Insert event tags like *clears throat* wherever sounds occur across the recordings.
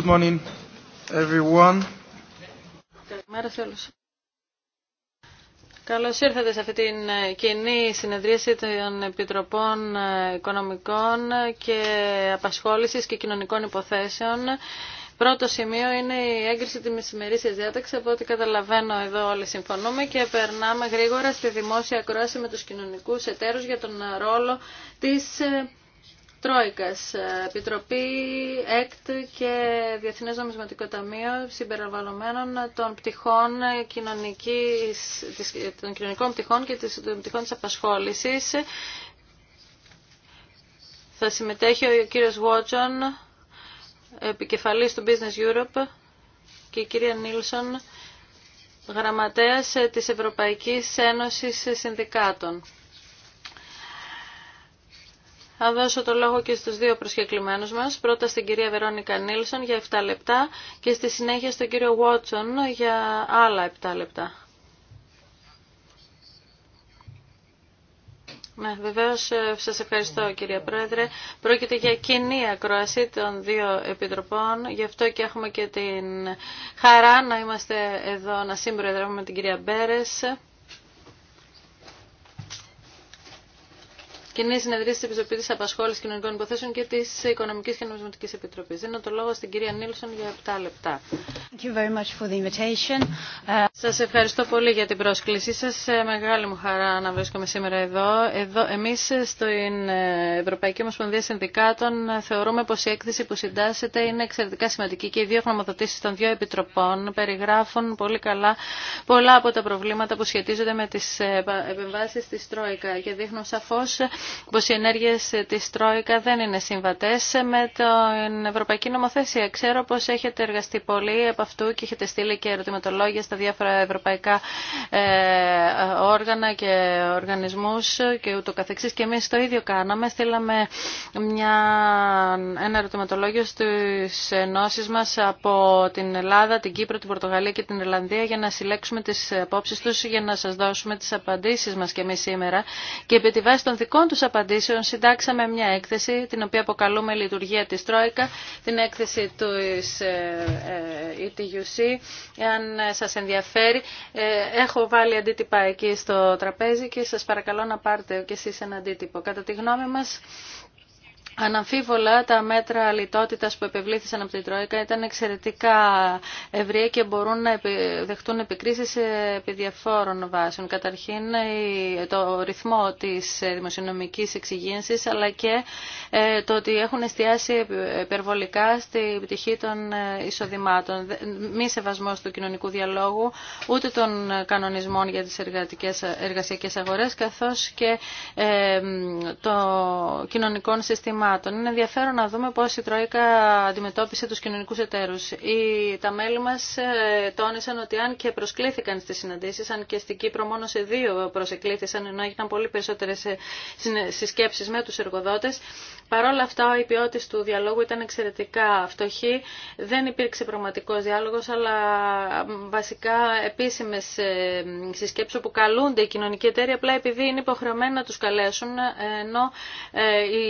Good morning, everyone. Καλημέρα σε όλους. Καλώς ήρθατε σε αυτή την ε, κοινή συνεδρίαση των Επιτροπών ε, Οικονομικών και Απασχόλησης και Κοινωνικών Υποθέσεων. Πρώτο σημείο είναι η έγκριση της μεσημερίσης διάταξης, από ό,τι καταλαβαίνω εδώ όλοι συμφωνούμε και περνάμε γρήγορα στη δημόσια ακρόαση με τους κοινωνικούς εταίρους για τον ρόλο της ε, Τρόικας, ε, Επιτροπή, ΕΚΤ και Διεθνές Νομισματικό Ταμείο συμπεριλαμβανομένων των πτυχών κοινωνικής, των κοινωνικών πτυχών και των πτυχών της απασχόλησης. Θα συμμετέχει ο κύριος Βότσον, επικεφαλής του Business Europe και η κυρία Νίλσον, γραμματέας της Ευρωπαϊκής Ένωσης Συνδικάτων. Θα δώσω το λόγο και στους δύο προσκεκλημένους μας. Πρώτα στην κυρία Βερόνικα Νίλσον για 7 λεπτά και στη συνέχεια στον κύριο Βότσον για άλλα 7 λεπτά. Ναι, βεβαίως ε, σας ευχαριστώ κυρία Πρόεδρε. Πρόκειται για κοινή ακρόαση των δύο επιτροπών, γι' αυτό και έχουμε και την χαρά να είμαστε εδώ να συμπροεδρεύουμε την κυρία Μπέρες κοινή συνεδρία τη Επιτροπή τη Απασχόληση Κοινωνικών Υποθέσεων και τη Οικονομική και Νομισματική Επιτροπή. Δίνω το λόγο στην κυρία Νίλσον για 7 λεπτά. Ε, σα ευχαριστώ πολύ για την πρόσκλησή σα. Ε, μεγάλη μου χαρά να βρίσκομαι σήμερα εδώ. εδώ Εμεί στην ε, Ευρωπαϊκή Ομοσπονδία Συνδικάτων θεωρούμε πω η έκθεση που συντάσσεται είναι εξαιρετικά σημαντική και οι δύο γνωμοδοτήσει των δύο επιτροπών περιγράφουν πολύ καλά πολλά από τα προβλήματα που σχετίζονται με τι επεμβάσει τη Τρόικα και δείχνουν σαφώ πως οι ενέργειες της Τρόικα δεν είναι συμβατές με την Ευρωπαϊκή Νομοθεσία. Ξέρω πως έχετε εργαστεί πολύ από αυτού και έχετε στείλει και ερωτηματολόγια στα διάφορα ευρωπαϊκά ε, όργανα και οργανισμούς και ούτω καθεξής. Και εμείς το ίδιο κάναμε. Στείλαμε μια, ένα ερωτηματολόγιο στις ενώσεις μας από την Ελλάδα, την Κύπρο, την Πορτογαλία και την Ιρλανδία για να συλλέξουμε τις απόψεις τους για να σας δώσουμε τις απαντήσεις μας και εμείς σήμερα. Και επί τη βάση των δικών τους απαντήσεων συντάξαμε μια έκθεση την οποία αποκαλούμε λειτουργία της Τρόικα, την έκθεση του ε, ε, ETUC. Εάν ε, σας ενδιαφέρει, έχω βάλει αντίτυπα εκεί στο τραπέζι και σας παρακαλώ να πάρετε κι εσείς ένα αντίτυπο. Κατά τη γνώμη μας, Αναμφίβολα τα μέτρα λιτότητας που επευλήθησαν από την Τρόικα ήταν εξαιρετικά ευρία και μπορούν να δεχτούν επικρίσεις επί διαφόρων βάσεων. Καταρχήν το ρυθμό της δημοσιονομικής εξηγήνσης, αλλά και ε, το ότι έχουν εστιάσει υπερβολικά στη πτυχή των ε, εισοδημάτων. Μη σεβασμός του κοινωνικού διαλόγου ούτε των κανονισμών για τις εργασιακές αγορές καθώς και ε, των κοινωνικών συστημάτων είναι ενδιαφέρον να δούμε πώς η Τρόικα αντιμετώπισε τους κοινωνικούς εταίρους. Οι, τα μέλη μας ε, τόνισαν ότι αν και προσκλήθηκαν στις συναντήσεις, αν και στην Κύπρο μόνο σε δύο προσεκλήθησαν, ενώ έγιναν πολύ περισσότερες ε, συσκέψεις με τους εργοδότες, παρόλα αυτά η ποιότητα του διαλόγου ήταν εξαιρετικά φτωχή. Δεν υπήρξε πραγματικός διάλογος, αλλά βασικά επίσημες ε, συσκέψεις που καλούνται οι κοινωνικοί εταίροι, απλά επειδή είναι υποχρεωμένοι να τους καλέσουν, ενώ οι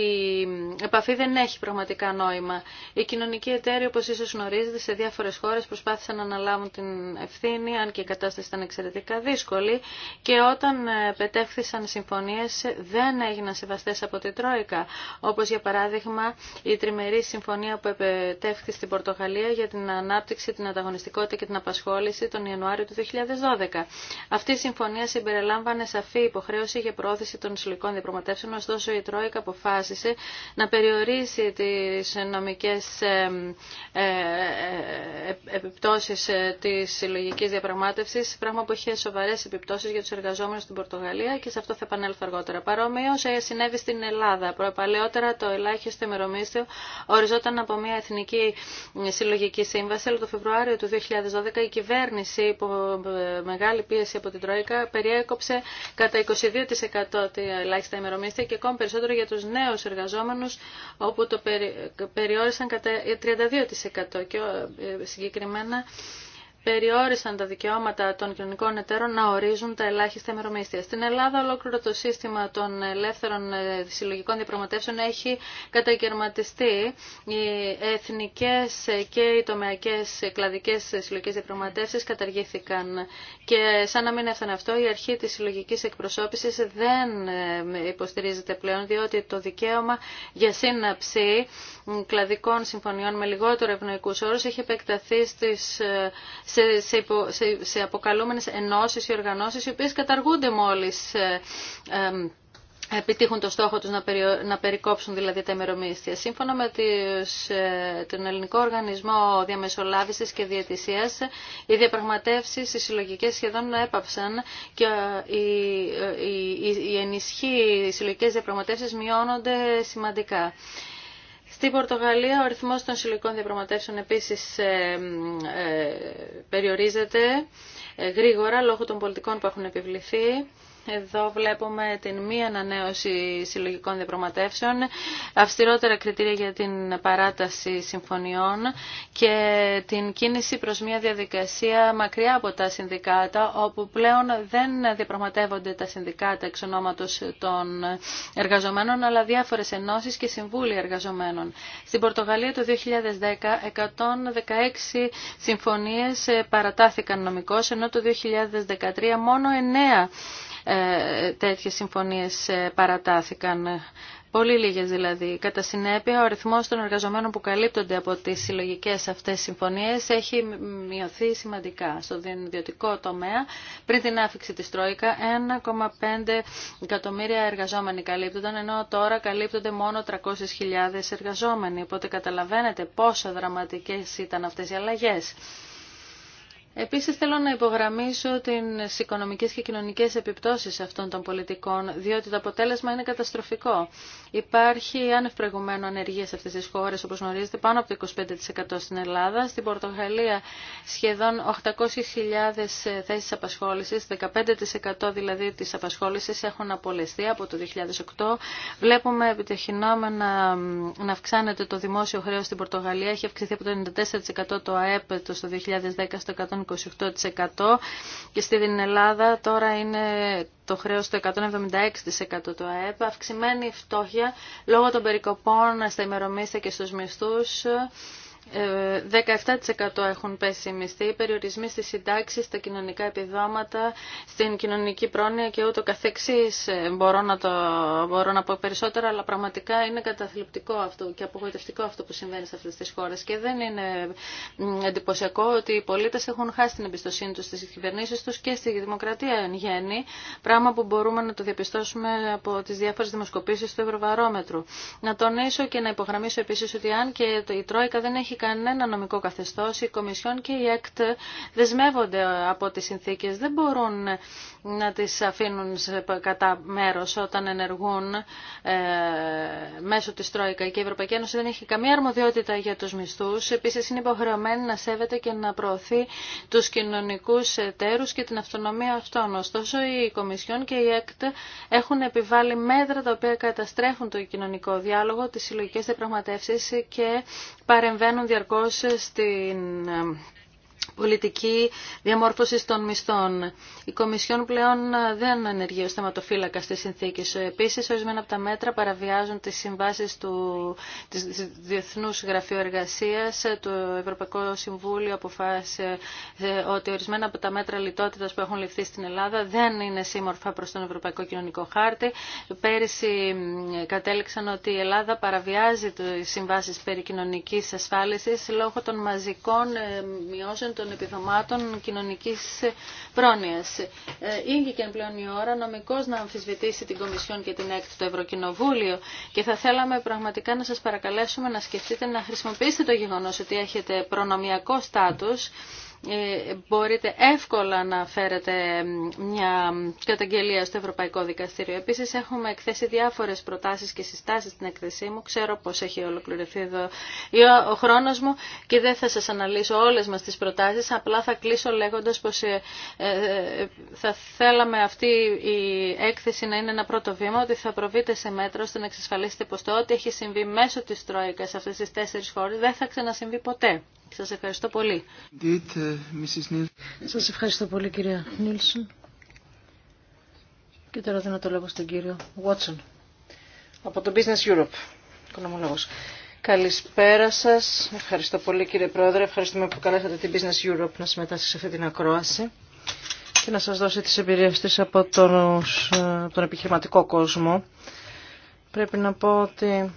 επαφή δεν έχει πραγματικά νόημα. Οι κοινωνικοί εταίροι, όπω ίσω γνωρίζετε, σε διάφορε χώρε, προσπάθησαν να αναλάβουν την ευθύνη, αν και η κατάσταση ήταν εξαιρετικά δύσκολη και όταν ε, πετέφθησαν συμφωνίε δεν έγιναν σεβαστέ από την Τρόικα, Όπω για παράδειγμα η τριμερή συμφωνία που επετέχθη στην Πορτογαλία για την ανάπτυξη, την ανταγωνιστικότητα και την απασχόληση τον Ιανουάριο του 2012. Αυτή η συμφωνία συμπεριλάμβανε σαφή υποχρέωση για προώθηση των συλλογικών διαπραγματεύσεων, ωστόσο η Τρόικα αποφάσισε να περιορίσει τις νομικές ε, ε, ε, επιπτώσεις της συλλογική διαπραγμάτευσης, πράγμα που είχε σοβαρές επιπτώσεις για τους εργαζόμενους στην Πορτογαλία και σε αυτό θα επανέλθω αργότερα. Παρόμοιο συνέβη στην Ελλάδα. Παλαιότερα το ελάχιστο ημερομίσθιο οριζόταν από μια εθνική συλλογική σύμβαση, αλλά το Φεβρουάριο του 2012 η κυβέρνηση υπό μεγάλη πίεση από την Τρόικα περιέκοψε κατά 22% τη ελάχιστα ημερομίσθια και ακόμη περισσότερο για τους νέους εργαζόμενους χρόνους όπου το περιόρισαν κατά 32% ε, και ε, συγκεκριμένα περιόρισαν τα δικαιώματα των κοινωνικών εταίρων να ορίζουν τα ελάχιστα ημερομίσθια. Στην Ελλάδα ολόκληρο το σύστημα των ελεύθερων ε, συλλογικών διαπραγματεύσεων έχει κατακαιρματιστεί. Οι εθνικές και οι τομεακές κλαδικές συλλογικές διαπραγματεύσεις καταργήθηκαν και σαν να μην έφτανε αυτό η αρχή της συλλογικής εκπροσώπησης δεν ε, υποστηρίζεται πλέον διότι το δικαίωμα για σύναψη κλαδικών συμφωνιών με λιγότερο ευνοϊκούς όρους έχει επεκταθεί στις ε, σε, σε, υπο, σε, σε αποκαλούμενες ενώσεις ή οργανώσεις οι οποίες καταργούνται μόλις ε, επιτύχουν το στόχο τους να, να περικόψουν δηλαδή τα ημερομίσθια. Σύμφωνα με ε, τον Ελληνικό Οργανισμό Διαμεσολάβησης και διατησίας οι διαπραγματεύσεις, οι συλλογικές σχεδόν έπαψαν και ε, οι, οι, οι, οι ενισχύ συλλογικές διαπραγματεύσεις μειώνονται σημαντικά. Στην Πορτογαλία ο αριθμός των συλλογικών διαπραγματεύσεων επίσης ε, ε, περιορίζεται ε, γρήγορα λόγω των πολιτικών που έχουν επιβληθεί εδώ βλέπουμε την μη ανανέωση συλλογικών διαπραγματεύσεων, αυστηρότερα κριτήρια για την παράταση συμφωνιών και την κίνηση προς μια διαδικασία μακριά από τα συνδικάτα, όπου πλέον δεν διαπραγματεύονται τα συνδικάτα εξ ονόματος των εργαζομένων, αλλά διάφορες ενώσεις και συμβούλοι εργαζομένων. Στην Πορτογαλία το 2010, 116 συμφωνίες παρατάθηκαν νομικώς, ενώ το 2013 μόνο 9 ε, τέτοιες συμφωνίες ε, παρατάθηκαν. Πολύ λίγε δηλαδή. Κατά συνέπεια, ο αριθμό των εργαζομένων που καλύπτονται από τι συλλογικέ αυτέ συμφωνίε έχει μειωθεί σημαντικά. Στο ιδιωτικό τομέα, πριν την άφηξη τη Τρόικα, 1,5 εκατομμύρια εργαζόμενοι καλύπτονταν, ενώ τώρα καλύπτονται μόνο 300.000 εργαζόμενοι. Οπότε καταλαβαίνετε πόσο δραματικέ ήταν αυτέ οι αλλαγέ. Επίσης θέλω να υπογραμμίσω τις οικονομικές και κοινωνικές επιπτώσεις αυτών των πολιτικών, διότι το αποτέλεσμα είναι καταστροφικό. Υπάρχει άνευ προηγουμένου ανεργία σε αυτές τις χώρες, όπως γνωρίζετε, πάνω από το 25% στην Ελλάδα. Στην Πορτογαλία σχεδόν 800.000 θέσεις απασχόλησης, 15% δηλαδή της απασχόλησης έχουν απολεστεί από το 2008. Βλέπουμε επιτεχεινόμενα να αυξάνεται το δημόσιο χρέος στην Πορτογαλία, έχει αυξηθεί από το 94% το ΑΕΠ το 2010 στο 28% και στην Ελλάδα τώρα είναι το χρέος το 176% του ΑΕΠ, αυξημένη φτώχεια λόγω των περικοπών στα ημερομίσθια και στους μισθούς, 17% έχουν πέσει οι μισθοί, οι περιορισμοί στις συντάξεις, στα κοινωνικά επιδόματα, στην κοινωνική πρόνοια και ούτω καθεξής. Μπορώ να, το, μπορώ να πω περισσότερα, αλλά πραγματικά είναι καταθλιπτικό αυτό και απογοητευτικό αυτό που συμβαίνει σε αυτές τις χώρες. Και δεν είναι εντυπωσιακό ότι οι πολίτες έχουν χάσει την εμπιστοσύνη τους στις κυβερνήσεις τους και στη δημοκρατία εν γέννη, πράγμα που μπορούμε να το διαπιστώσουμε από τις διάφορες δημοσκοπήσεις του Ευρωβαρόμετρου. Να τονίσω και να υπογραμμίσω επίσης ότι αν και η Τρόικα δεν έχει κανένα νομικό καθεστώς, η Κομισιόν και η ΕΚΤ δεσμεύονται από τις συνθήκες. Δεν μπορούν να τις αφήνουν κατά μέρος όταν ενεργούν ε, μέσω της Τρόικα. Και η Ευρωπαϊκή Ένωση δεν έχει καμία αρμοδιότητα για τους μισθούς. Επίσης είναι υποχρεωμένη να σέβεται και να προωθεί τους κοινωνικούς εταίρους και την αυτονομία αυτών. Ωστόσο η Κομισιόν και η ΕΚΤ έχουν επιβάλει μέτρα τα οποία καταστρέφουν το κοινωνικό διάλογο, τις συλλογικές διαπραγματεύσεις και παρεμβαίνουν διαρκώς στην πολιτική διαμόρφωση των μισθών. Η Κομισιόν πλέον δεν ενεργεί ως θεματοφύλακα στις συνθήκες. Επίσης, ορισμένα από τα μέτρα παραβιάζουν τις συμβάσεις του της Διεθνούς Γραφείου Εργασίας. Το Ευρωπαϊκό Συμβούλιο αποφάσισε ε, ότι ορισμένα από τα μέτρα λιτότητας που έχουν ληφθεί στην Ελλάδα δεν είναι σύμμορφα προς τον Ευρωπαϊκό Κοινωνικό Χάρτη. Πέρυσι ε, κατέληξαν ότι η Ελλάδα παραβιάζει τις συμβάσεις περί κοινωνικής ασφάλισης λόγω των μαζικών ε, μειώσεων των των επιδομάτων κοινωνικής πρόνοιας. Ε, ήγηκε πλέον η ώρα νομικώ να αμφισβητήσει την Κομισιόν και την Έκτη του Ευρωκοινοβούλιο και θα θέλαμε πραγματικά να σας παρακαλέσουμε να σκεφτείτε να χρησιμοποιήσετε το γεγονός ότι έχετε προνομιακό στάτου ε, μπορείτε εύκολα να φέρετε μια καταγγελία στο Ευρωπαϊκό Δικαστήριο. Επίσης έχουμε εκθέσει διάφορες προτάσεις και συστάσεις στην εκθεσή μου. Ξέρω πως έχει ολοκληρωθεί εδώ ο χρόνος μου και δεν θα σας αναλύσω όλες μας τις προτάσεις. Απλά θα κλείσω λέγοντας πως ε, ε, θα θέλαμε αυτή η έκθεση να είναι ένα πρώτο βήμα, ότι θα προβείτε σε μέτρο ώστε να εξασφαλίσετε πως το ό,τι έχει συμβεί μέσω της Τρόικας σε αυτές τις τέσσερις χώρες δεν θα ξανασυμβεί ποτέ. Σας ευχαριστώ πολύ. Uh, σας ευχαριστώ πολύ κυρία Νίλσον. Και τώρα δίνω το λόγο στον κύριο Watson από το Business Europe, οικονομολόγος. Καλησπέρα σας. Ευχαριστώ πολύ κύριε Πρόεδρε. Ευχαριστούμε που καλέσατε την Business Europe να συμμετάσχει σε αυτή την ακρόαση και να σας δώσει τις εμπειρίες της από τον, ε, τον επιχειρηματικό κόσμο. Πρέπει να πω ότι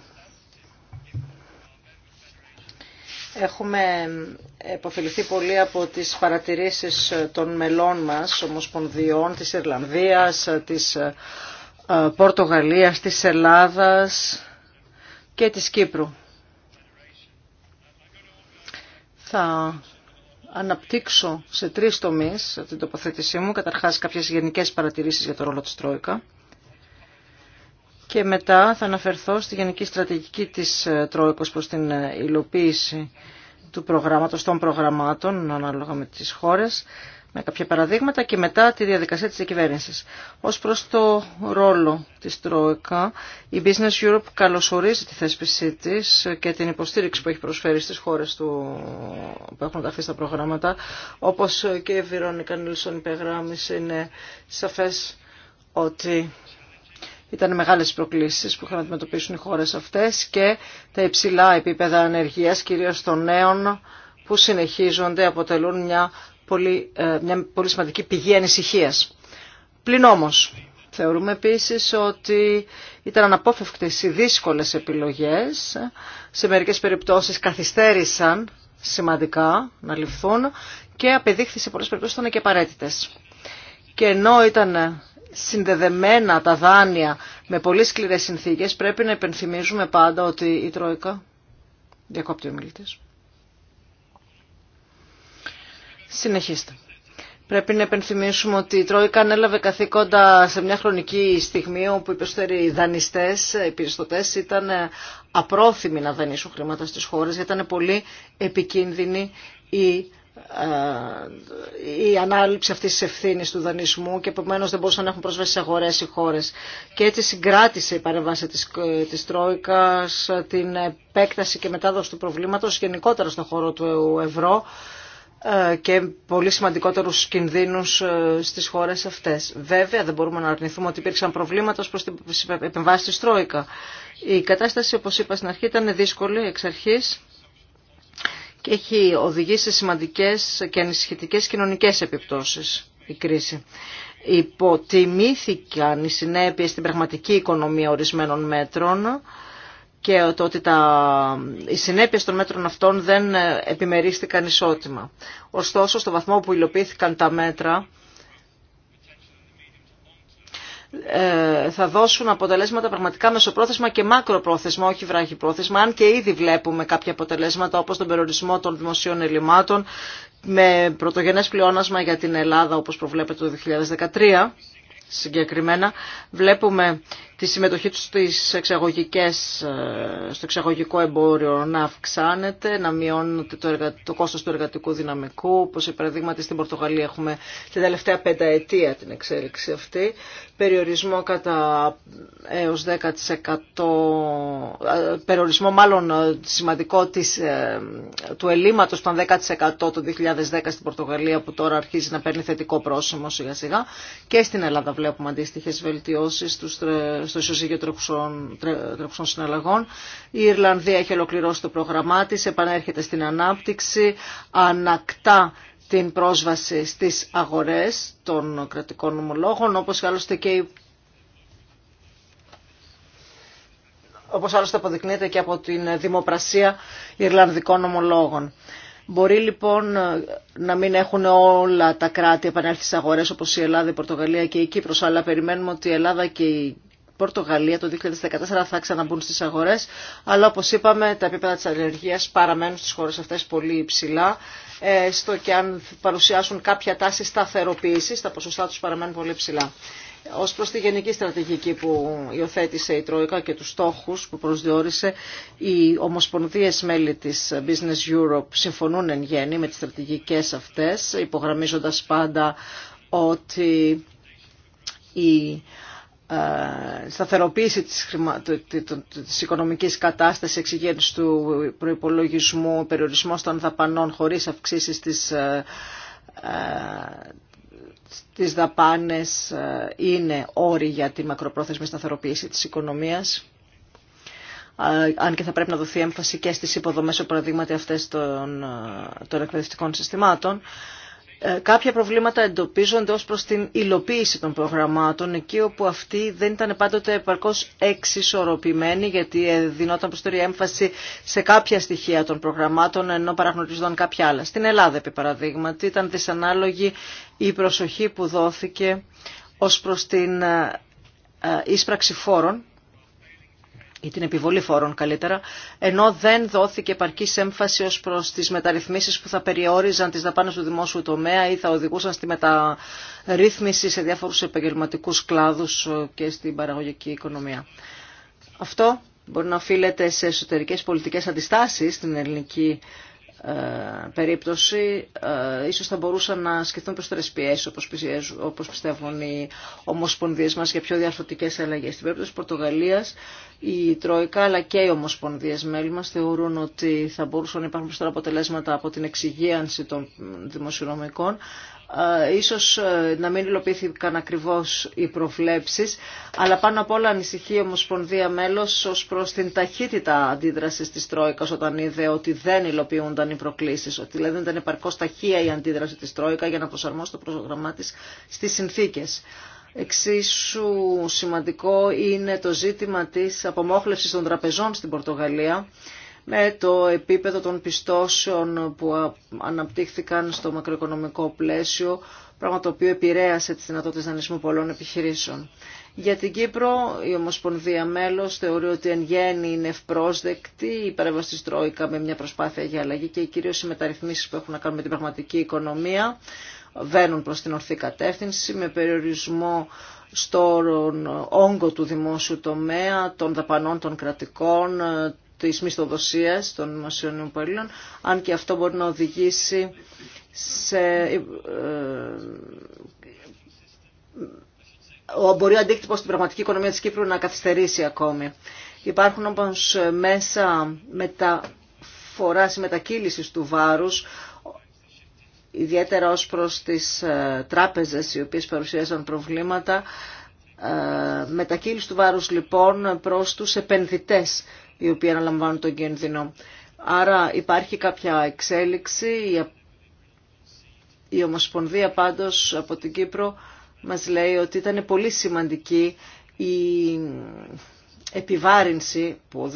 Έχουμε επωφεληθεί πολύ από τις παρατηρήσεις των μελών μας, ομοσπονδιών, της Ιρλανδίας, της ε, Πορτογαλίας, της Ελλάδας και της Κύπρου. Θα αναπτύξω σε τρεις τομείς την τοποθέτησή μου. Καταρχάς κάποιες γενικές παρατηρήσεις για το ρόλο της Τρόικα και μετά θα αναφερθώ στη γενική στρατηγική της ε, Τρόικος προς την ε, υλοποίηση του προγράμματος των προγραμμάτων ανάλογα με τις χώρες με κάποια παραδείγματα και μετά τη διαδικασία της κυβέρνηση. Ως προς το ρόλο της Τρόικα, η Business Europe καλωσορίζει τη θέσπιση της και την υποστήριξη που έχει προσφέρει στις χώρες του, που έχουν ταχθεί στα προγράμματα. Όπως και η Βιρόνικα Νίλσον υπεγράμμισε, είναι σαφές ότι ήταν μεγάλες προκλήσεις που είχαν να αντιμετωπίσουν οι χώρες αυτές και τα υψηλά επίπεδα ανεργίας, κυρίως των νέων, που συνεχίζονται, αποτελούν ε, μια πολύ, σημαντική πηγή ανησυχίας. Πλην όμως, θεωρούμε επίσης ότι ήταν αναπόφευκτες οι δύσκολες επιλογές. Σε μερικές περιπτώσεις καθυστέρησαν σημαντικά να ληφθούν και απεδείχθη σε πολλές περιπτώσεις ήταν και απαραίτητε. Και ενώ ήταν συνδεδεμένα τα δάνεια με πολύ σκληρές συνθήκες, πρέπει να υπενθυμίζουμε πάντα ότι η Τρόικα, διακόπτει ο μιλητής, συνεχίστε. Πρέπει να επενθυμίσουμε ότι η Τρόικα ανέλαβε καθήκοντα σε μια χρονική στιγμή όπου οι περισσότεροι δανειστέ, οι ήταν απρόθυμοι να δανείσουν χρήματα στι χώρε γιατί ήταν πολύ επικίνδυνη η ε, η ανάληψη αυτή τη ευθύνη του δανεισμού και επομένω δεν μπορούσαν να έχουν πρόσβαση σε αγορέ οι χώρες. Και έτσι συγκράτησε η παρεμβάση τη της ε, ε, την επέκταση και μετάδοση του προβλήματο γενικότερα στον χώρο του ευρώ και πολύ σημαντικότερους κινδύνους στις χώρες αυτές. Βέβαια δεν μπορούμε να αρνηθούμε ότι υπήρξαν προβλήματα προ προς την επεμβάση της Τρόικα. Η κατάσταση όπως είπα στην αρχή ήταν δύσκολη εξ αρχής και έχει οδηγήσει σε σημαντικές και ανησυχητικές κοινωνικές επιπτώσεις η κρίση. Υποτιμήθηκαν οι συνέπειες στην πραγματική οικονομία ορισμένων μέτρων και το ότι τα, οι συνέπειε των μέτρων αυτών δεν επιμερίστηκαν ισότιμα. Ωστόσο, στο βαθμό που υλοποιήθηκαν τα μέτρα, ε, θα δώσουν αποτελέσματα πραγματικά μεσοπρόθεσμα και μακροπρόθεσμα, όχι βράχυπρόθεσμα, αν και ήδη βλέπουμε κάποια αποτελέσματα όπως τον περιορισμό των δημοσίων ελλημάτων με πρωτογενές πλεόνασμα για την Ελλάδα όπως προβλέπεται το 2013 συγκεκριμένα. Βλέπουμε τη συμμετοχή τους στις εξαγωγικές, ε, στο εξαγωγικό εμπόριο να αυξάνεται, να μειώνεται το, εργα... το κόστος του εργατικού δυναμικού, όπως παραδείγματι στην Πορτογαλία έχουμε την τελευταία πενταετία την εξέλιξη αυτή, περιορισμό κατά έως 10%, ε, περιορισμό μάλλον ε, σημαντικό της, του ελλείμματος των 10% το 2010 στην Πορτογαλία που τώρα αρχίζει να παίρνει θετικό πρόσημο σιγά σιγά και στην Ελλάδα βλέπουμε αντίστοιχε βελτιώσεις στους στο ισοζύγιο τρέχουσων συναλλαγών. Η Ιρλανδία έχει ολοκληρώσει το πρόγραμμά τη, επανέρχεται στην ανάπτυξη, ανακτά την πρόσβαση στις αγορές των κρατικών ομολόγων, όπως άλλωστε και όπως άλλωστε αποδεικνύεται και από την δημοπρασία Ιρλανδικών ομολόγων. Μπορεί λοιπόν να μην έχουν όλα τα κράτη επανέλθει στις αγορές όπως η Ελλάδα, η Πορτογαλία και η Κύπρος, αλλά περιμένουμε ότι η Ελλάδα και η Πορτογαλία το 2014 θα ξαναμπούν στις αγορές, αλλά όπως είπαμε τα επίπεδα της αλλεργίας παραμένουν στις χώρες αυτές πολύ υψηλά, ε, στο και αν παρουσιάσουν κάποια τάση σταθεροποίησης, τα ποσοστά τους παραμένουν πολύ ψηλά. Ως προς τη γενική στρατηγική που υιοθέτησε η Τρόικα και τους στόχους που προσδιορίσε, οι ομοσπονδίες μέλη της Business Europe συμφωνούν εν γέννη με τις στρατηγικές αυτές, υπογραμμίζοντας πάντα ότι η ε, σταθεροποίηση της, της οικονομικής κατάστασης, εξυγέννηση του προϋπολογισμού, περιορισμός των δαπανών χωρίς αυξήσεις της, ε, ε, τις δαπάνες είναι όροι για τη μακροπρόθεσμη σταθεροποίηση της οικονομίας. Αν και θα πρέπει να δοθεί έμφαση και στις υποδομές, παραδείγματι αυτές των, των εκπαιδευτικών συστημάτων. Ε, κάποια προβλήματα εντοπίζονται ως προς την υλοποίηση των προγραμμάτων, εκεί όπου αυτή δεν ήταν πάντοτε επαρκώς εξισορροπημένη, γιατί ε, δινόταν προσθέτει έμφαση σε κάποια στοιχεία των προγραμμάτων, ενώ παραγνωρίζονταν κάποια άλλα. Στην Ελλάδα, επί παραδείγματι, ήταν δυσανάλογη η προσοχή που δόθηκε ως προς την ε, ίσπραξη φόρων, ή την επιβολή φόρων καλύτερα, ενώ δεν δόθηκε επαρκή έμφαση ω προ τι μεταρρυθμίσει που θα περιόριζαν τι δαπάνε του δημόσιου τομέα ή θα οδηγούσαν στη μεταρρύθμιση σε διάφορου επαγγελματικού κλάδου ε, και στην παραγωγική οικονομία. Αυτό μπορεί να οφείλεται σε εσωτερικέ πολιτικέ αντιστάσει στην ελληνική ε, περίπτωση ε, ίσως θα μπορούσαν να σκεφτούν περισσότερες πιέσεις όπως, όπως πιστεύουν οι ομοσπονδίες μας για πιο διαρθρωτικές αλλαγές. Στην περίπτωση της Πορτογαλίας η Τρόικα αλλά και οι ομοσπονδίες μέλη μας θεωρούν ότι θα μπορούσαν να υπάρχουν περισσότερα αποτελέσματα από την εξυγίανση των δημοσιονομικών ε, ίσως ε, να μην υλοποιήθηκαν ακριβώς οι προβλέψεις, αλλά πάνω απ' όλα ανησυχεί η Ομοσπονδία μέλος ως προς την ταχύτητα αντίδρασης της Τρόικας όταν είδε ότι δεν υλοποιούνταν οι προκλήσεις, ότι δηλαδή δεν ήταν επαρκώς ταχεία η αντίδραση της Τρόικα για να προσαρμόσει το πρόγραμμά της στις συνθήκες. Εξίσου σημαντικό είναι το ζήτημα της απομόχλευσης των τραπεζών στην Πορτογαλία, με το επίπεδο των πιστώσεων που αναπτύχθηκαν στο μακροοικονομικό πλαίσιο, πράγμα το οποίο επηρέασε τις δυνατότητες δανεισμού πολλών επιχειρήσεων. Για την Κύπρο, η Ομοσπονδία μέλο θεωρεί ότι εν γέννη είναι ευπρόσδεκτη η παρέμβαση τη Τρόικα με μια προσπάθεια για αλλαγή και κυρίω οι μεταρρυθμίσει που έχουν να κάνουν με την πραγματική οικονομία βαίνουν προ την ορθή κατεύθυνση με περιορισμό στον όγκο του δημόσιου τομέα, των δαπανών των κρατικών, της μισθοδοσίας των δημοσίων υπαλλήλων, αν και αυτό μπορεί να οδηγήσει σε... Ε, μπορεί ο αντίκτυπος στην πραγματική οικονομία της Κύπρου να καθυστερήσει ακόμη. Υπάρχουν όμως μέσα μεταφοράς ή μετακύλησης του βάρους ιδιαίτερα ως προς τις ε, τράπεζες οι οποίες παρουσίασαν προβλήματα. Ε, μετακύληση του βάρους λοιπόν προς τους επενδυτές οι οποίοι αναλαμβάνουν τον κίνδυνο. Άρα υπάρχει κάποια εξέλιξη. Η Ομοσπονδία πάντως από την Κύπρο μας λέει ότι ήταν πολύ σημαντική η επιβάρυνση που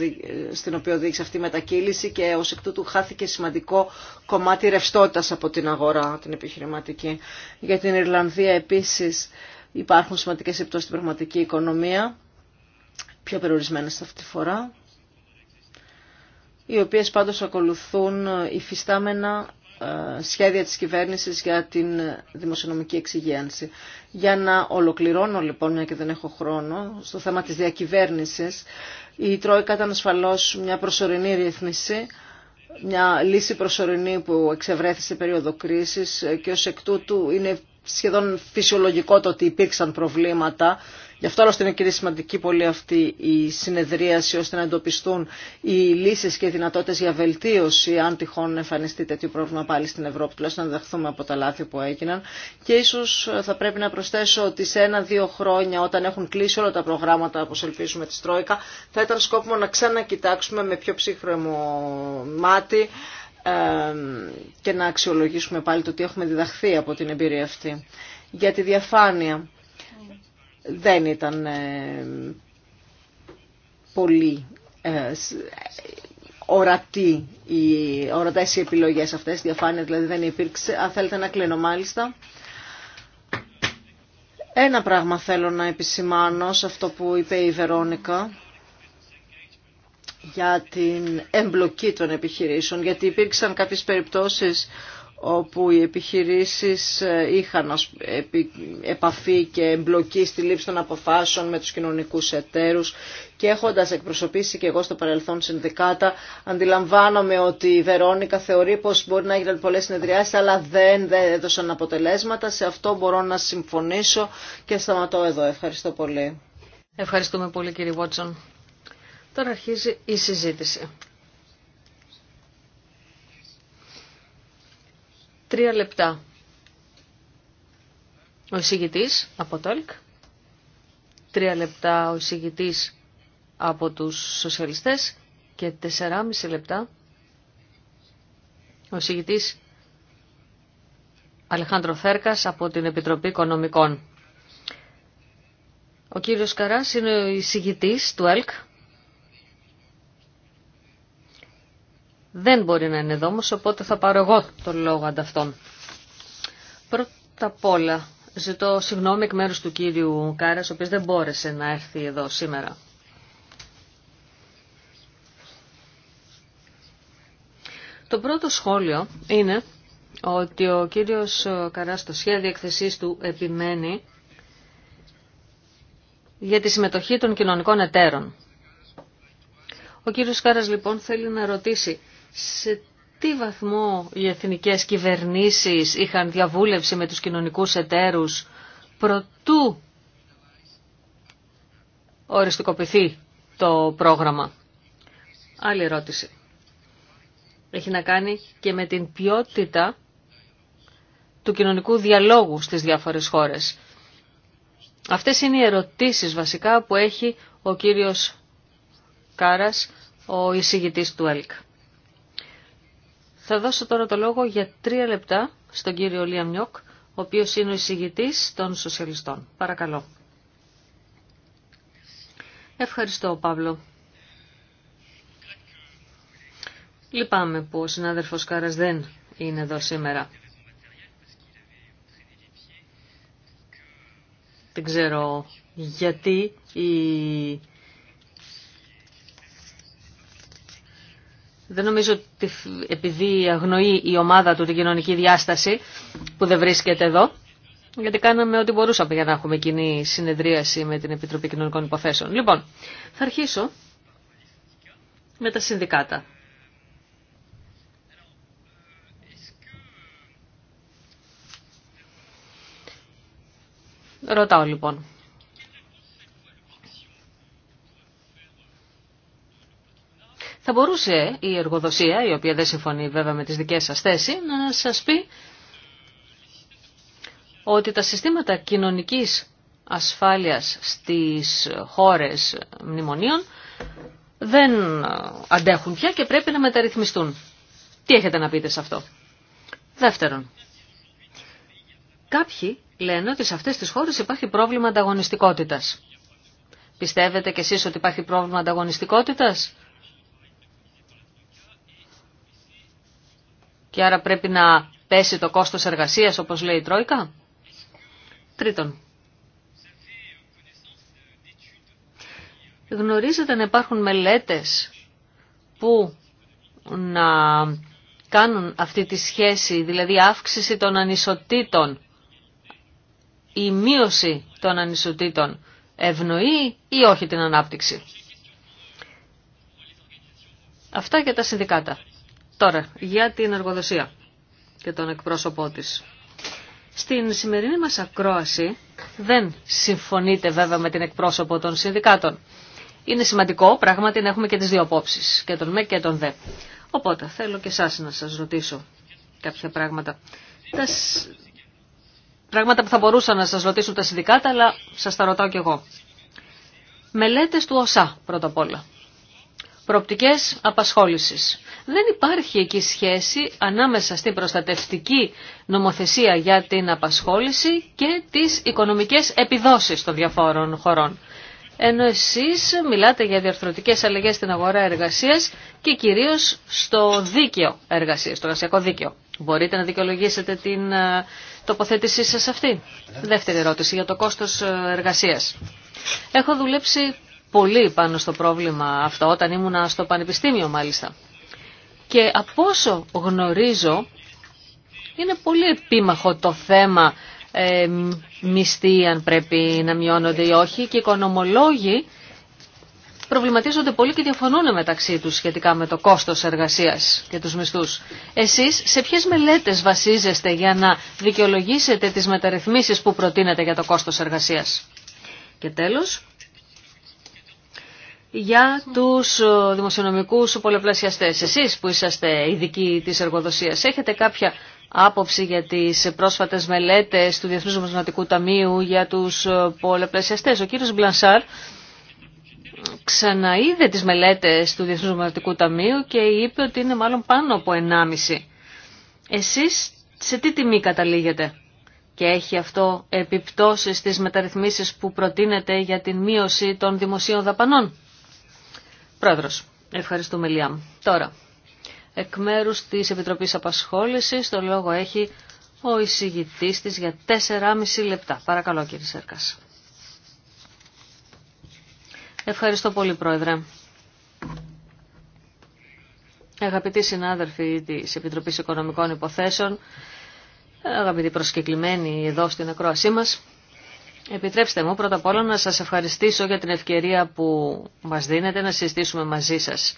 στην οποία οδήγησε αυτή η μετακύληση και ως εκ τούτου χάθηκε σημαντικό κομμάτι ρευστότητας από την αγορά, την επιχειρηματική. Για την Ιρλανδία επίσης υπάρχουν σημαντικές επιπτώσεις στην πραγματική οικονομία, πιο περιορισμένες αυτή τη φορά οι οποίες πάντως ακολουθούν υφιστάμενα ε, σχέδια της κυβέρνησης για την δημοσιονομική εξυγένση. Για να ολοκληρώνω λοιπόν, μια και δεν έχω χρόνο, στο θέμα της διακυβέρνησης, η Τρόικα ήταν ασφαλώς μια προσωρινή ρύθμιση, μια λύση προσωρινή που εξευρέθησε σε περίοδο κρίσης και ως εκ τούτου είναι σχεδόν φυσιολογικό το ότι υπήρξαν προβλήματα Γι' αυτό άλλωστε είναι και σημαντική πολύ αυτή η συνεδρίαση ώστε να εντοπιστούν οι λύσεις και οι δυνατότητες για βελτίωση αν τυχόν εμφανιστεί τέτοιο πρόβλημα πάλι στην Ευρώπη, τουλάχιστον να διδαχθούμε από τα λάθη που έγιναν. Και ίσως θα πρέπει να προσθέσω ότι σε ένα-δύο χρόνια όταν έχουν κλείσει όλα τα προγράμματα όπως ελπίζουμε τη Τρόικα θα ήταν σκόπιμο να ξανακοιτάξουμε με πιο ψύχρεμο μάτι και να αξιολογήσουμε πάλι το τι έχουμε διδαχθεί από την εμπειρία αυτή. Για τη διαφάνεια δεν ήταν ε, πολύ ε, ορατή οι, ορατές οι επιλογές αυτές, διαφάνεια δηλαδή δεν υπήρξε. Αν θέλετε να κλείνω μάλιστα. Ένα πράγμα θέλω να επισημάνω σε αυτό που είπε η Βερόνικα για την εμπλοκή των επιχειρήσεων, γιατί υπήρξαν κάποιες περιπτώσεις όπου οι επιχειρήσεις ε, είχαν επαφή και εμπλοκή στη λήψη των αποφάσεων με τους κοινωνικούς εταίρους και έχοντας εκπροσωπήσει και εγώ στο παρελθόν συνδικάτα αντιλαμβάνομαι ότι η Βερόνικα θεωρεί πως μπορεί να έγιναν πολλές συνεδριάσεις αλλά δεν έδωσαν αποτελέσματα. Σε αυτό μπορώ να συμφωνήσω και σταματώ εδώ. Ευχαριστώ πολύ. Ευχαριστούμε πολύ κύριε Βότσον. Τώρα αρχίζει η συζήτηση. Τρία λεπτά. Ο εισηγητής από το ΕΛΚ. Τρία λεπτά ο εισηγητής από τους σοσιαλιστές και 4,5 λεπτά ο εισηγητής Αλεχάνδρο Θέρκας από την Επιτροπή Οικονομικών. Ο κύριος Καράς είναι ο εισηγητής του ΕΛΚ Δεν μπορεί να είναι εδώ όμως, οπότε θα πάρω εγώ τον λόγο ανταυτόν. Πρώτα απ' όλα, ζητώ συγγνώμη εκ μέρους του κύριου Κάρας, ο οποίος δεν μπόρεσε να έρθει εδώ σήμερα. Το πρώτο σχόλιο είναι ότι ο κύριος Καράς στο σχέδιο εκθεσής του επιμένει για τη συμμετοχή των κοινωνικών εταίρων. Ο κύριος Κάρας λοιπόν θέλει να ρωτήσει σε τι βαθμό οι εθνικές κυβερνήσεις είχαν διαβούλευση με τους κοινωνικούς εταίρους προτού οριστικοποιηθεί το πρόγραμμα. Άλλη ερώτηση. Έχει να κάνει και με την ποιότητα του κοινωνικού διαλόγου στις διάφορες χώρες. Αυτές είναι οι ερωτήσεις βασικά που έχει ο κύριος Κάρας, ο εισηγητής του ΕΛΚ. Θα δώσω τώρα το λόγο για τρία λεπτά στον κύριο Λία ο οποίος είναι ο εισηγητής των σοσιαλιστών. Παρακαλώ. Ευχαριστώ, Παύλο. Λυπάμαι που ο συνάδελφος Κάρας δεν είναι εδώ σήμερα. Δεν ξέρω γιατί η Δεν νομίζω ότι επειδή αγνοεί η ομάδα του την κοινωνική διάσταση που δεν βρίσκεται εδώ, γιατί κάναμε ό,τι μπορούσαμε για να έχουμε κοινή συνεδρίαση με την Επιτροπή Κοινωνικών Υποθέσεων. Λοιπόν, θα αρχίσω με τα συνδικάτα. Ρωτάω λοιπόν, Θα μπορούσε η εργοδοσία, η οποία δεν συμφωνεί βέβαια με τις δικές σας θέσεις, να σας πει ότι τα συστήματα κοινωνικής ασφάλειας στις χώρες μνημονίων δεν αντέχουν πια και πρέπει να μεταρρυθμιστούν. Τι έχετε να πείτε σε αυτό. Δεύτερον, κάποιοι λένε ότι σε αυτές τις χώρες υπάρχει πρόβλημα ανταγωνιστικότητας. Πιστεύετε κι εσείς ότι υπάρχει πρόβλημα ανταγωνιστικότητας Και άρα πρέπει να πέσει το κόστος εργασίας, όπως λέει η Τρόικα. Τρίτον, γνωρίζετε να υπάρχουν μελέτες που να κάνουν αυτή τη σχέση, δηλαδή αύξηση των ανισοτήτων, η μείωση των ανισοτήτων ευνοεί ή όχι την ανάπτυξη. Αυτά για τα συνδικάτα. Τώρα, για την εργοδοσία και τον εκπρόσωπό της. Στην σημερινή μας ακρόαση δεν συμφωνείτε βέβαια με την εκπρόσωπο των συνδικάτων. Είναι σημαντικό πράγματι να έχουμε και τις δύο απόψεις, και τον με και τον δε. Οπότε θέλω και εσάς να σας ρωτήσω κάποια πράγματα. Τα Πράγματα που θα μπορούσαν να σας ρωτήσουν τα συνδικάτα, αλλά σας τα ρωτάω κι εγώ. Μελέτες του ΟΣΑ πρώτα απ' όλα προοπτικές απασχόλησης. Δεν υπάρχει εκεί σχέση ανάμεσα στην προστατευτική νομοθεσία για την απασχόληση και τις οικονομικές επιδόσεις των διαφόρων χωρών. Ενώ εσείς μιλάτε για διαρθρωτικές αλλαγές στην αγορά εργασίας και κυρίως στο δίκαιο εργασίας, στο εργασιακό δίκαιο. Μπορείτε να δικαιολογήσετε την ε, τοποθέτησή σας αυτή. Δεύτερη ερώτηση για το κόστος ε, εργασίας. Έχω δουλέψει πολύ πάνω στο πρόβλημα αυτό όταν ήμουνα στο πανεπιστήμιο μάλιστα. Και από όσο γνωρίζω είναι πολύ επίμαχο το θέμα ε, μισθή αν πρέπει να μειώνονται ή όχι και οι οικονομολόγοι προβληματίζονται πολύ και διαφωνούν μεταξύ τους σχετικά με το κόστος εργασίας και τους μισθούς. Εσείς σε ποιες μελέτες βασίζεστε για να δικαιολογήσετε τις μεταρρυθμίσεις που προτείνετε για το κόστος εργασίας. Και τέλος, για τους ε, δημοσιονομικούς πολλαπλασιαστές. Εσείς που είσαστε ειδικοί της εργοδοσίας, έχετε κάποια άποψη για τις πρόσφατες μελέτες του Διεθνούς Νομισματικού Ταμείου για τους ε, πολλαπλασιαστές. Ο κύριος Μπλανσάρ ξαναείδε τις μελέτες του Διεθνούς Νομισματικού Ταμείου και είπε ότι είναι μάλλον πάνω από 1,5. Εσείς σε τι τιμή καταλήγετε και έχει αυτό επιπτώσεις στις μεταρρυθμίσεις που προτείνεται για την μείωση των δημοσίων δαπανών. Πρόεδρος, ευχαριστούμε Λιάμ. Τώρα, εκ μέρου της Επιτροπής Απασχόλησης, το λόγο έχει ο εισηγητής της για 4,5 λεπτά. Παρακαλώ κύριε Σέρκας. Ευχαριστώ πολύ Πρόεδρε. Αγαπητοί συνάδελφοι της Επιτροπής Οικονομικών Υποθέσεων, αγαπητοί προσκεκλημένοι εδώ στην ακρόασή μας, Επιτρέψτε μου πρώτα απ' όλα να σας ευχαριστήσω για την ευκαιρία που μας δίνετε να συζητήσουμε μαζί σας.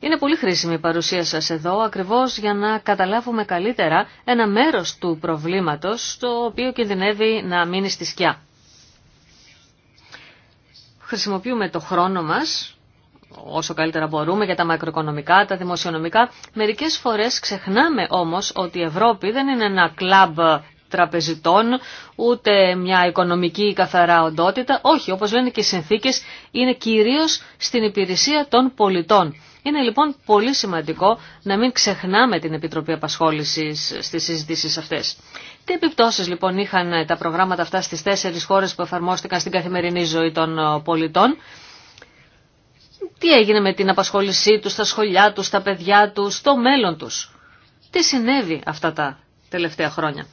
Είναι πολύ χρήσιμη η παρουσία σας εδώ ακριβώς για να καταλάβουμε καλύτερα ένα μέρος του προβλήματος το οποίο κινδυνεύει να μείνει στη σκιά. Χρησιμοποιούμε το χρόνο μας όσο καλύτερα μπορούμε για τα μακροοικονομικά, τα δημοσιονομικά. Μερικές φορές ξεχνάμε όμως ότι η Ευρώπη δεν είναι ένα κλαμπ τραπεζιτών, ούτε μια οικονομική καθαρά οντότητα. Όχι, όπως λένε και οι συνθήκες, είναι κυρίως στην υπηρεσία των πολιτών. Είναι λοιπόν πολύ σημαντικό να μην ξεχνάμε την Επιτροπή Απασχόλησης στις συζητήσεις αυτές. Τι επιπτώσεις λοιπόν είχαν τα προγράμματα αυτά στις τέσσερις χώρες που εφαρμόστηκαν στην καθημερινή ζωή των πολιτών. Τι έγινε με την απασχόλησή τους, στα σχολιά τους, στα παιδιά τους, στο μέλλον τους. Τι συνέβη αυτά τα τελευταία χρόνια.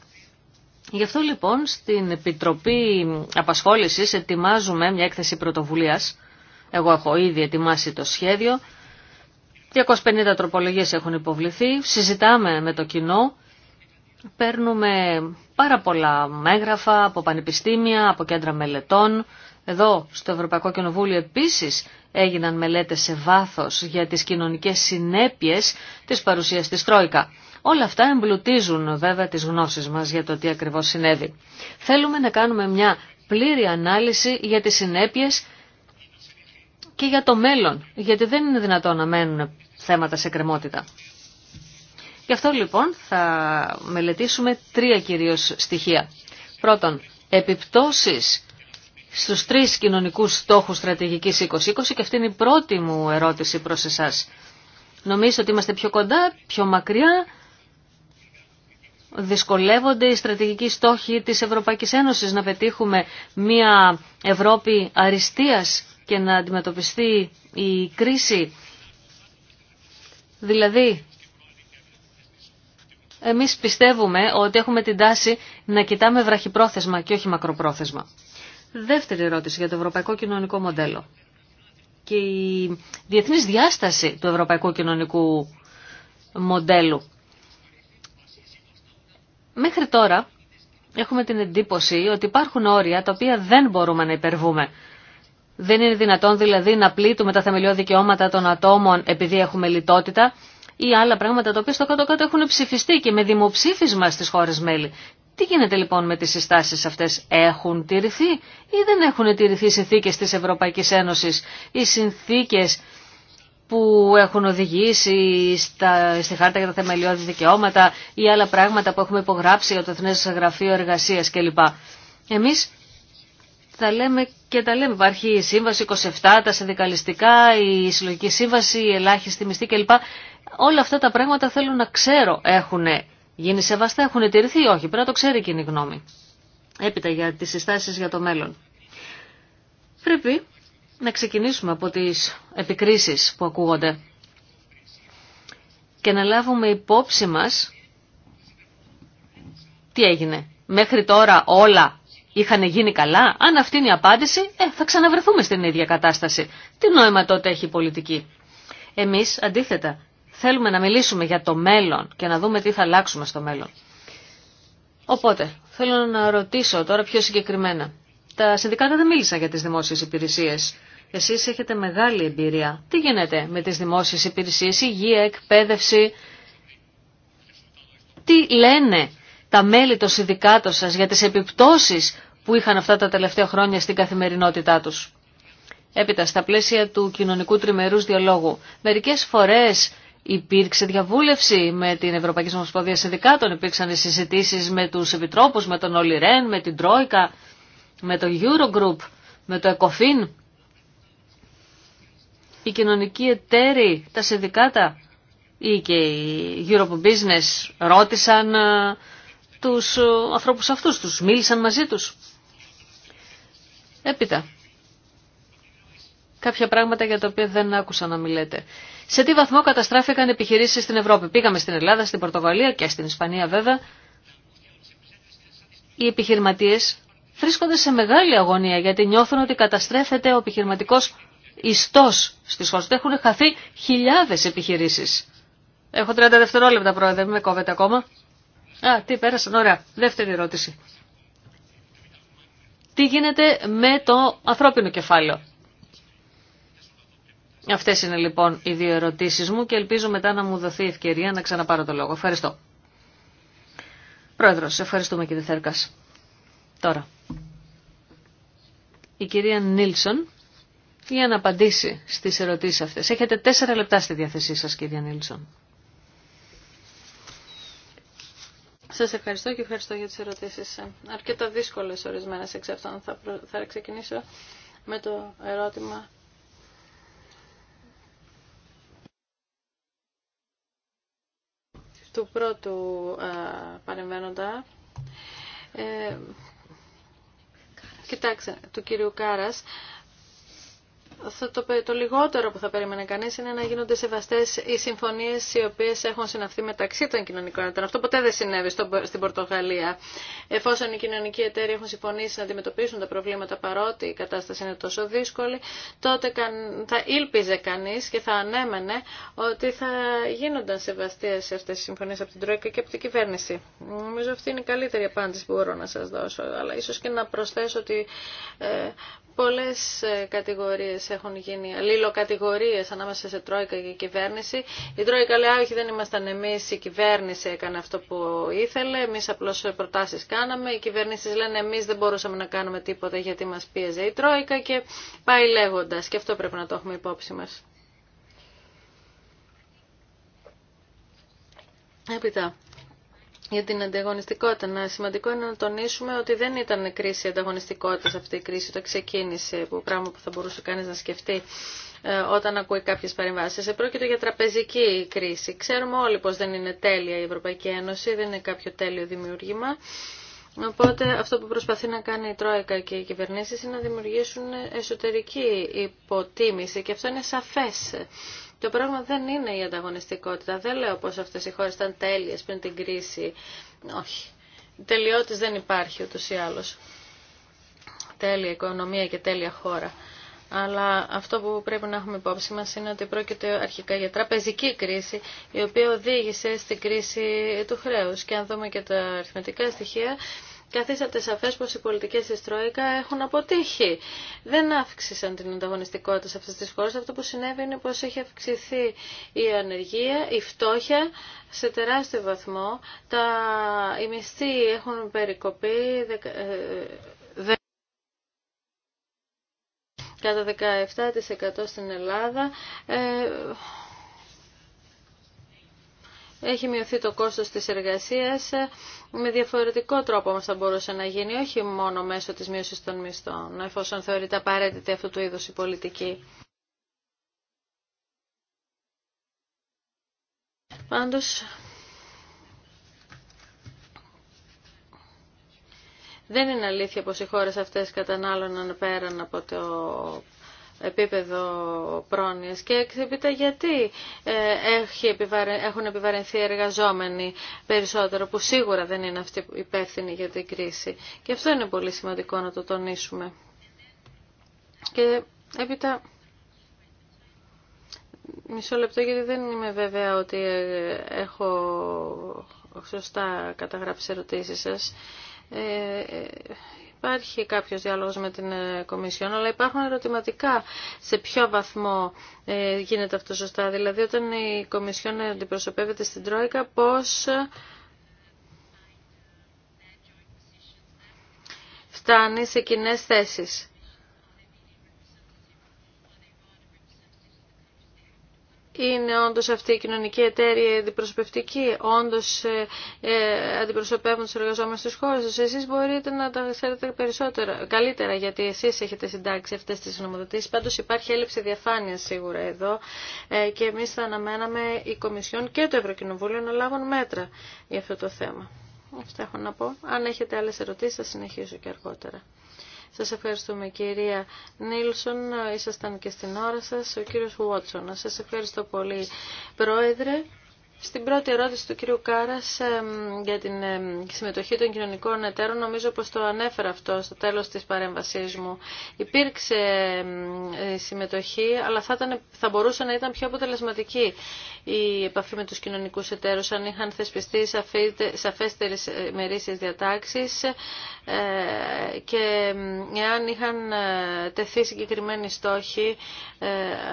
Γι' αυτό λοιπόν στην Επιτροπή Απασχόλησης ετοιμάζουμε μια έκθεση πρωτοβουλίας. Εγώ έχω ήδη ετοιμάσει το σχέδιο. 250 τροπολογίες έχουν υποβληθεί. Συζητάμε με το κοινό. Παίρνουμε πάρα πολλά έγγραφα από πανεπιστήμια, από κέντρα μελετών. Εδώ στο Ευρωπαϊκό Κοινοβούλιο επίσης έγιναν μελέτες σε βάθος για τις κοινωνικές συνέπειες της παρουσίας της Τρόικα. Όλα αυτά εμπλουτίζουν βέβαια τις γνώσεις μας για το τι ακριβώς συνέβη. Θέλουμε να κάνουμε μια πλήρη ανάλυση για τις συνέπειες και για το μέλλον, γιατί δεν είναι δυνατόν να μένουν θέματα σε κρεμότητα. Γι' αυτό λοιπόν θα μελετήσουμε τρία κυρίως στοιχεία. Πρώτον, επιπτώσεις στους τρεις κοινωνικούς στόχους στρατηγικής 2020 και αυτή είναι η πρώτη μου ερώτηση προς εσάς. Νομίζω ότι είμαστε πιο κοντά, πιο μακριά δυσκολεύονται οι στρατηγικοί στόχοι της Ευρωπαϊκής Ένωσης να πετύχουμε μια Ευρώπη αριστείας και να αντιμετωπιστεί η κρίση. Δηλαδή, εμείς πιστεύουμε ότι έχουμε την τάση να κοιτάμε βραχυπρόθεσμα και όχι μακροπρόθεσμα. Δεύτερη ερώτηση για το ευρωπαϊκό κοινωνικό μοντέλο. Και η διεθνής διάσταση του ευρωπαϊκού κοινωνικού μοντέλου. Μέχρι τώρα έχουμε την εντύπωση ότι υπάρχουν όρια τα οποία δεν μπορούμε να υπερβούμε. Δεν είναι δυνατόν δηλαδή να πλήττουμε τα θεμελιώδη δικαιώματα των ατόμων επειδή έχουμε λιτότητα ή άλλα πράγματα τα οποία στο κάτω-κάτω έχουν ψηφιστεί και με δημοψήφισμα στις χώρες μέλη. Τι γίνεται λοιπόν με τις συστάσεις αυτές, έχουν τηρηθεί ή δεν έχουν τηρηθεί οι συνθήκες της Ευρωπαϊκής Ένωσης, οι συνθήκες που έχουν οδηγήσει στα, στη χάρτα για τα θεμελιώδη δικαιώματα ή άλλα πράγματα που έχουμε υπογράψει από το Εθνές Γραφείο Εργασίας κλπ. Εμείς θα λέμε και τα λέμε. Υπάρχει η Σύμβαση 27, τα συνδικαλιστικά, η Συλλογική Σύμβαση, η Ελάχιστη Μισθή κλπ. Όλα αυτά τα πράγματα θέλω να ξέρω έχουν γίνει σεβαστά, έχουν τηρηθεί ή όχι. Πρέπει να το ξέρει η κοινή γνώμη. Έπειτα για τις συστάσεις για το μέλλον. Πρέπει να ξεκινήσουμε από τις επικρίσεις που ακούγονται και να λάβουμε υπόψη μας τι έγινε. Μέχρι τώρα όλα είχαν γίνει καλά. Αν αυτή είναι η απάντηση, ε, θα ξαναβρεθούμε στην ίδια κατάσταση. Τι νόημα τότε έχει η πολιτική. Εμείς, αντίθετα, θέλουμε να μιλήσουμε για το μέλλον και να δούμε τι θα αλλάξουμε στο μέλλον. Οπότε, θέλω να ρωτήσω τώρα πιο συγκεκριμένα. Τα συνδικάτα δεν μίλησαν για τις δημόσιες υπηρεσίες. Εσείς έχετε μεγάλη εμπειρία. Τι γίνεται με τις δημόσιες υπηρεσίες, υγεία, εκπαίδευση. Τι λένε τα μέλη των συνδικάτων σας για τις επιπτώσεις που είχαν αυτά τα τελευταία χρόνια στην καθημερινότητά τους. Έπειτα, στα πλαίσια του κοινωνικού τριμερούς διαλόγου, μερικές φορές υπήρξε διαβούλευση με την Ευρωπαϊκή Ομοσπονδία Συνδικάτων, υπήρξαν συζητήσεις με τους επιτρόπους, με τον Όλυ με την Τρόικα, με το Eurogroup, με το Εκοφίν οι κοινωνικοί εταίροι, τα συνδικάτα ή και οι Europe Business ρώτησαν ε, τους ε, ανθρώπους αυτούς, τους μίλησαν μαζί τους. Έπειτα, κάποια πράγματα για τα οποία δεν άκουσα να μιλέτε. Σε τι βαθμό καταστράφηκαν επιχειρήσεις στην Ευρώπη. Πήγαμε στην Ελλάδα, στην Πορτογαλία και στην Ισπανία βέβαια. Οι επιχειρηματίες βρίσκονται σε μεγάλη αγωνία γιατί νιώθουν ότι καταστρέφεται ο επιχειρηματικός ιστός στις χώρες. Έχουν χαθεί χιλιάδες επιχειρήσεις. Έχω 30 δευτερόλεπτα πρόεδρε, με κόβετε ακόμα. Α, τι πέρασαν, ωραία. Δεύτερη ερώτηση. Τι γίνεται με το ανθρώπινο κεφάλαιο. Αυτές είναι λοιπόν οι δύο ερωτήσεις μου και ελπίζω μετά να μου δοθεί ευκαιρία να ξαναπάρω το λόγο. Ευχαριστώ. Πρόεδρος, ευχαριστούμε κύριε Θέρκας. Τώρα. Η κυρία Νίλσον για να απαντήσει στις ερωτήσεις αυτές. Έχετε τέσσερα λεπτά στη διάθεσή σας, κύριε Νίλσον. Σας ευχαριστώ και ευχαριστώ για τις ερωτήσεις. Ε, αρκετά δύσκολες ορισμένες εξ αυτών. Θα, θα ξεκινήσω με το ερώτημα του πρώτου ε, παρεμβαίνοντα. Ε, κοιτάξτε, του κυρίου Κάρας θα το, το λιγότερο που θα περίμενε κανεί είναι να γίνονται σεβαστές οι συμφωνίε οι οποίε έχουν συναυθεί μεταξύ των κοινωνικών εταίρων. Αυτό ποτέ δεν συνέβη στην Πορτογαλία. Εφόσον οι κοινωνικοί εταίροι έχουν συμφωνήσει να αντιμετωπίσουν τα προβλήματα παρότι η κατάσταση είναι τόσο δύσκολη, τότε θα ήλπιζε κανεί και θα ανέμενε ότι θα γίνονταν σεβαστές αυτέ οι συμφωνίε από την Τρόικα και από την κυβέρνηση. Νομίζω αυτή είναι η καλύτερη απάντηση που μπορώ να σα δώσω, αλλά ίσω και να προσθέσω ότι ε, Πολλές ε, κατηγορίες έχουν γίνει, αλληλοκατηγορίες ανάμεσα σε Τρόικα και κυβέρνηση. Η Τρόικα λέει, όχι δεν ήμασταν εμείς, η κυβέρνηση έκανε αυτό που ήθελε, εμείς απλώς ε, προτάσεις κάναμε. Οι κυβερνήσεις λένε, εμείς δεν μπορούσαμε να κάνουμε τίποτα γιατί μας πίεζε η Τρόικα και πάει λέγοντας. Και αυτό πρέπει να το έχουμε υπόψη μας. Έπειτα, για την ανταγωνιστικότητα. Να σημαντικό είναι να τονίσουμε ότι δεν ήταν κρίση ανταγωνιστικότητας αυτή η κρίση, το ξεκίνησε, που πράγμα που θα μπορούσε κάνει να σκεφτεί ε, όταν ακούει κάποιες παρεμβάσεις. Ε, πρόκειται για τραπεζική κρίση. Ξέρουμε όλοι πω δεν είναι τέλεια η Ευρωπαϊκή Ένωση, δεν είναι κάποιο τέλειο δημιούργημα. Οπότε αυτό που προσπαθεί να κάνει η Τρόικα και οι κυβερνήσει είναι να δημιουργήσουν εσωτερική υποτίμηση και αυτό είναι σαφέ. Το πρόβλημα δεν είναι η ανταγωνιστικότητα. Δεν λέω πως αυτές οι χώρες ήταν τέλειες πριν την κρίση. Όχι. τελειότητας δεν υπάρχει ούτως ή άλλως. Τέλεια οικονομία και τέλεια χώρα. Αλλά αυτό που πρέπει να έχουμε υπόψη μας είναι ότι πρόκειται αρχικά για τραπεζική κρίση, η οποία οδήγησε στην κρίση του χρέους. Και αν δούμε και τα αριθμητικά στοιχεία, καθίσατε σαφές πως οι πολιτικές της Τρόικα έχουν αποτύχει. Δεν αύξησαν την ανταγωνιστικότητα σε αυτές τις χώρες. Αυτό που συνέβη είναι πως έχει αυξηθεί η ανεργία, η φτώχεια σε τεράστιο βαθμό. Τα, οι μισθοί έχουν περικοπεί ε, κατά 17% στην Ελλάδα. Ε, έχει μειωθεί το κόστος της εργασίας. Με διαφορετικό τρόπο όμως θα μπορούσε να γίνει, όχι μόνο μέσω της μείωσης των μισθών, εφόσον θεωρείται απαραίτητη αυτού του είδους η πολιτική. Πάντως, δεν είναι αλήθεια πως οι χώρες αυτές κατανάλωναν πέραν από το επίπεδο πρόνοιας και έπειτα γιατί ε, έχουν επιβαρυνθεί οι εργαζόμενοι περισσότερο που σίγουρα δεν είναι αυτοί υπεύθυνοι για την κρίση. Και αυτό είναι πολύ σημαντικό να το τονίσουμε. Και έπειτα... Μισό λεπτό γιατί δεν είμαι βέβαια ότι ε, έχω σωστά καταγράψει ερωτήσεις σας. Ε, υπάρχει κάποιος διάλογος με την ε, Κομισιόν, αλλά υπάρχουν ερωτηματικά σε ποιο βαθμό ε, γίνεται αυτό σωστά. Δηλαδή όταν η Κομισιόν αντιπροσωπεύεται στην Τρόικα, πώς φτάνει σε κοινέ θέσεις. είναι όντως αυτή η κοινωνική εταίρεια αντιπροσωπευτική, όντως ε, ε, αντιπροσωπεύουν τους εργαζόμενους στις χώρες τους. Εσείς μπορείτε να τα ξέρετε περισσότερα, καλύτερα, γιατί εσείς έχετε συντάξει αυτές τις νομοδοτήσεις. Πάντως υπάρχει έλλειψη διαφάνειας σίγουρα εδώ ε, και εμείς θα αναμέναμε η Κομισιόν και το Ευρωκοινοβούλιο να λάβουν μέτρα για αυτό το θέμα. Αυτά έχω να πω. Αν έχετε άλλες ερωτήσεις θα συνεχίσω και αργότερα. Σας ευχαριστούμε κυρία Νίλσον, ήσασταν και στην ώρα σας, ο κύριος Βότσον. Σας ευχαριστώ πολύ πρόεδρε. Στην πρώτη ερώτηση του κυρίου Κάρας για την συμμετοχή των κοινωνικών εταίρων, νομίζω πως το ανέφερα αυτό στο τέλος της παρέμβασής μου. Υπήρξε συμμετοχή, αλλά θα, ήταν, θα μπορούσε να ήταν πιο αποτελεσματική η επαφή με τους κοινωνικούς εταίρους, αν είχαν θεσπιστεί σαφέστερες ε, μερίσεις διατάξεις ε, και αν είχαν ε, τεθεί συγκεκριμένοι στόχοι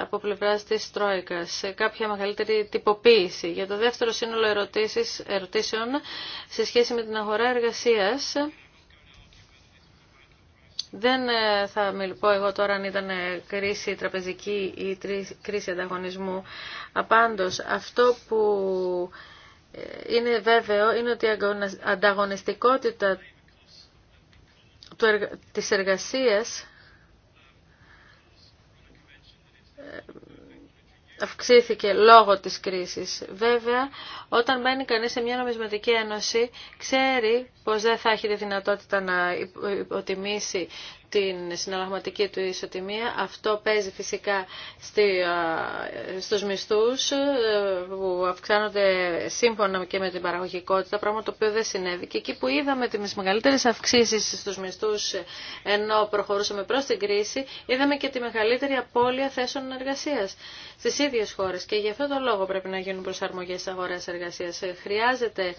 από πλευράς της Τρόικας, κάποια μεγαλύτερη τυποποίηση για το δεύτερο σύνολο ερωτήσεις, ερωτήσεων σε σχέση με την αγορά εργασίας. Δεν ε, θα μιλήσω εγώ τώρα αν ήταν ε, κρίση τραπεζική ή κρίση ανταγωνισμού. Απάντως, αυτό που ε, είναι βέβαιο είναι ότι η ανταγωνιστικότητα της εργασίας αυξήθηκε λόγω της κρίσης. Βέβαια, όταν μπαίνει κανείς σε μια νομισματική ένωση, ξέρει πως δεν θα έχει τη δυνατότητα να υποτιμήσει την συναλλαγματική του ισοτιμία. Αυτό παίζει φυσικά στη, στους μισθούς ε, που αυξάνονται σύμφωνα και με την παραγωγικότητα, πράγμα το οποίο δεν συνέβη. Και εκεί που είδαμε τις μεγαλύτερες αυξήσεις στους μισθούς ε, ενώ προχωρούσαμε προς την κρίση, είδαμε και τη μεγαλύτερη απώλεια θέσεων εργασίας στις ίδιες χώρες. Και γι' αυτό το λόγο πρέπει να γίνουν προσαρμογές αγοράς εργασίας. Ε, χρειάζεται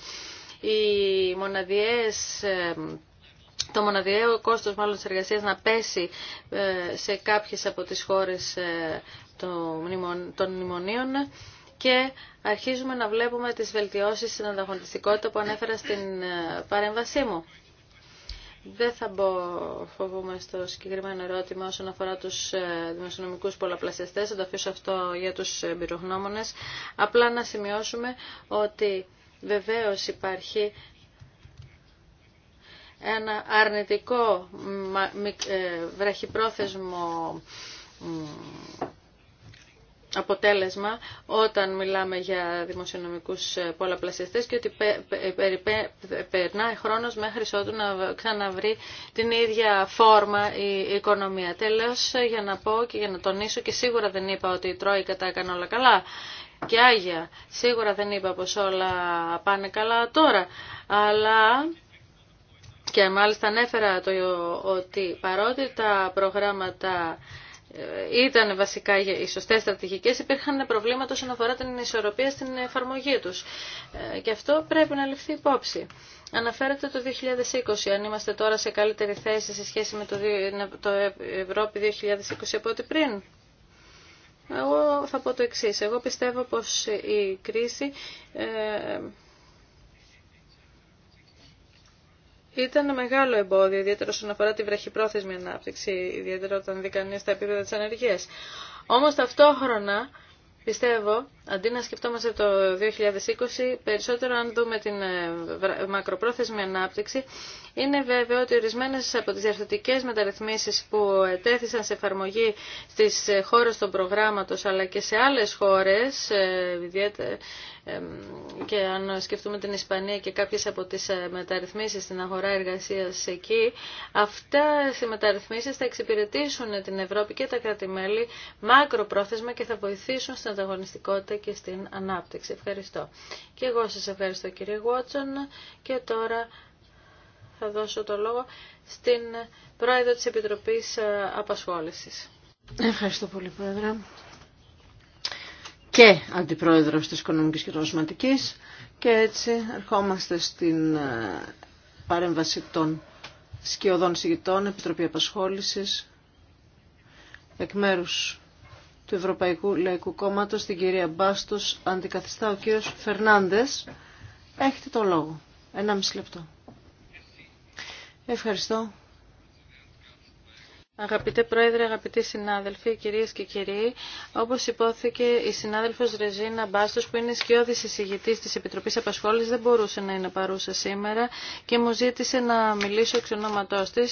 οι μοναδιές το μοναδιαίο κόστος μάλλον της εργασίας να πέσει ε, σε κάποιες από τις χώρες ε, των μνημονίων και αρχίζουμε να βλέπουμε τις βελτιώσεις στην ανταγωνιστικότητα που ανέφερα στην ε, παρέμβασή μου. Δεν θα μπω, φοβούμαι, στο συγκεκριμένο ερώτημα όσον αφορά τους δημοσιονομικούς πολλαπλασιαστές. Θα το αφήσω αυτό για τους εμπειρογνώμονες. Απλά να σημειώσουμε ότι βεβαίως υπάρχει ένα αρνητικό ε, βραχυπρόθεσμο αποτέλεσμα όταν μιλάμε για δημοσιονομικούς ε, πολλαπλασιαστές και ότι περνάει χρόνος μέχρι ότου να ξαναβρει την ίδια φόρμα η οικονομία. Τέλος, ε, για να πω και για να τονίσω και σίγουρα δεν είπα ότι η Τρόικα τα έκανε όλα καλά και Άγια. Σίγουρα δεν είπα πως όλα πάνε καλά τώρα, αλλά και μάλιστα ανέφερα το ότι παρότι τα προγράμματα ε, ήταν βασικά οι σωστέ στρατηγικέ, υπήρχαν προβλήματα όσον αφορά την ισορροπία στην εφαρμογή του. Ε, και αυτό πρέπει να ληφθεί υπόψη. Αναφέρετε το 2020, αν είμαστε τώρα σε καλύτερη θέση σε σχέση με το Ευρώπη 2020 από ό,τι πριν. Εγώ θα πω το εξή. Εγώ πιστεύω πω η κρίση ε, ήταν μεγάλο εμπόδιο, ιδιαίτερα όσον αφορά τη βραχυπρόθεσμη ανάπτυξη, ιδιαίτερα όταν δει κανεί τα επίπεδα τη ανεργία. Όμω ταυτόχρονα πιστεύω Αντί να σκεφτόμαστε το 2020, περισσότερο αν δούμε την ε, μακροπρόθεσμη ανάπτυξη, είναι βέβαιο ότι ορισμένε από τι διαρθρωτικέ μεταρρυθμίσει που τέθησαν σε εφαρμογή στι ε, χώρε των προγράμματο αλλά και σε άλλε χώρε, ε, και αν σκεφτούμε την Ισπανία και κάποιες από τις μεταρρυθμίσεις στην αγορά εργασίας εκεί, αυτέ οι μεταρρυθμίσεις θα εξυπηρετήσουν την Ευρώπη και τα κράτη-μέλη μακροπρόθεσμα και θα βοηθήσουν στην ανταγωνιστικότητα και στην ανάπτυξη. Ευχαριστώ. Και εγώ σας ευχαριστώ κύριε Γουότσον και τώρα θα δώσω το λόγο στην Πρόεδρο της Επιτροπής ε, Απασχόλησης. Ευχαριστώ πολύ Πρόεδρε και Αντιπρόεδρος της Οικονομικής και Ρωσματικής. και έτσι ερχόμαστε στην ε, παρέμβαση των σκιωδών συγητών, Επιτροπή Απασχόλησης, εκ μέρους του Ευρωπαϊκού Λαϊκού Κόμματος, την κυρία Μπάστος, αντικαθιστά ο κύριος Φερνάντε. Έχετε το λόγο. Ένα μισή λεπτό. Ευχαριστώ. Αγαπητέ Πρόεδρε, αγαπητοί συνάδελφοι, κυρίε και κύριοι, όπω υπόθηκε, η συνάδελφο Ρεζίνα Μπάστο, που είναι σκιώδη εισηγητή τη Επιτροπή Απασχόληση, δεν μπορούσε να είναι παρούσα σήμερα και μου ζήτησε να μιλήσω εξ ονόματό τη,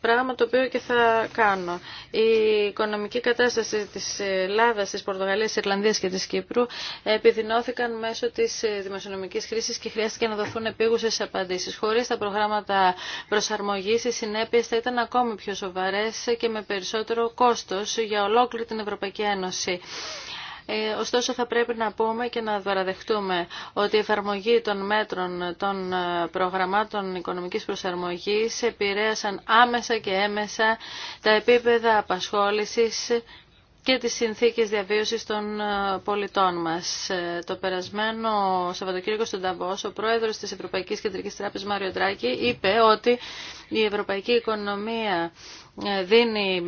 πράγμα το οποίο και θα κάνω. Η οικονομική κατάσταση τη Ελλάδα, τη Πορτογαλία, τη Ιρλανδία και τη Κύπρου επιδεινώθηκαν μέσω τη δημοσιονομική χρήση και χρειάστηκε να δοθούν επίγουσε απαντήσει. Χωρί τα προγράμματα προσαρμογή, οι συνέπειε θα ήταν ακόμη πιο σοβαρέ και με περισσότερο κόστος για ολόκληρη την Ευρωπαϊκή Ένωση. Ε, ωστόσο θα πρέπει να πούμε και να παραδεχτούμε ότι η εφαρμογή των μέτρων των ε, προγραμμάτων οικονομικής προσαρμογής επηρέασαν άμεσα και έμεσα τα επίπεδα απασχόλησης και τις συνθήκες διαβίωσης των ε, πολιτών μας. Το περασμένο Σαββατοκύριακο στον Ταβός, ο πρόεδρος της Ευρωπαϊκής Κεντρικής Τράπεζας Μάριο Τράκη είπε ότι η ευρωπαϊκή οικονομία ε, δίνει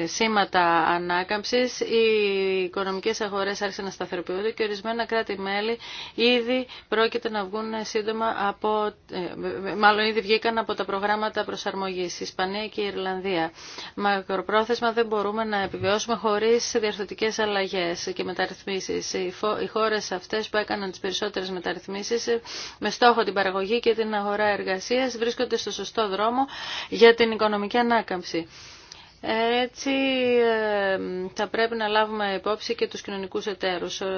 ε, σήματα ανάκαμψης, οι οικονομικές αγορές άρχισαν να σταθεροποιούνται και ορισμένα κράτη-μέλη ήδη πρόκειται να βγουν σύντομα από, ε, μάλλον ήδη βγήκαν από τα προγράμματα προσαρμογής, Ισπανία και η Ιρλανδία. Μακροπρόθεσμα δεν μπορούμε να επιβιώσουμε χωρίς διαρθωτικές αλλαγές και μεταρρυθμίσεις. Οι χώρες αυτές που έκαναν τις περισσότερες μεταρρυθμίσεις με στόχο την παραγωγή και την αγορά εργασίας βρίσκονται στο σωστό δρόμο για την οικονομική ανάκαμψη. Έτσι ε, θα πρέπει να λάβουμε υπόψη και τους κοινωνικούς εταίρους. Ε, ε,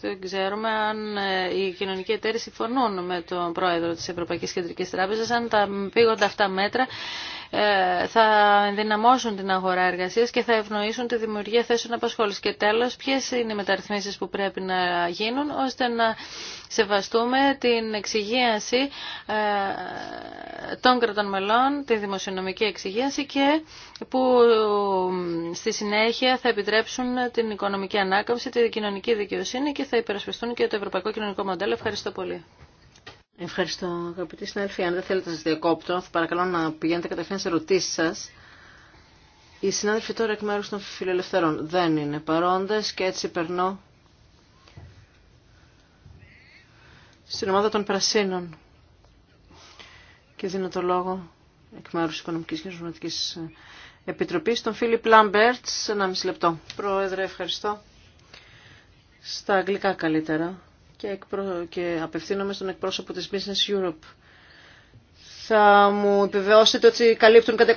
δεν ξέρουμε αν οι κοινωνικοί εταίροι συμφωνούν με τον πρόεδρο της Ευρωπαϊκής Κεντρικής Τράπεζας, αν τα πήγονται αυτά μέτρα ε, θα ενδυναμώσουν την αγορά εργασία και θα ευνοήσουν τη δημιουργία θέσεων απασχόλησης. Και τέλο, ποιε είναι οι μεταρρυθμίσεις που πρέπει να γίνουν ώστε να σεβαστούμε την εξυγίαση ε, των κρατών μελών, τη δημοσιονομική εξυγίαση και που στη συνέχεια θα επιτρέψουν την οικονομική ανάκαμψη, την κοινωνική δικαιοσύνη και θα υπερασπιστούν και το ευρωπαϊκό κοινωνικό μοντέλο. Ευχαριστώ πολύ. Ευχαριστώ αγαπητοί συνάδελφοι. Αν δεν θέλετε να σας διακόπτω, θα παρακαλώ να πηγαίνετε κατευθείαν σε ερωτήσει σας. Οι συνάδελφοι τώρα εκ μέρου των φιλελευθερών δεν είναι παρόντε και έτσι περνώ στην ομάδα των Πρασίνων και δίνω το λόγο εκ μέρου τη Οικονομικής και Ζωματική Επιτροπής στον Φίλιπ ένα μισή λεπτό. Πρόεδρε, ευχαριστώ. Στα αγγλικά καλύτερα και, και απευθύνομαι στον εκπρόσωπο της Business Europe. Θα μου επιβεβαιώσετε ότι καλύπτουν κατά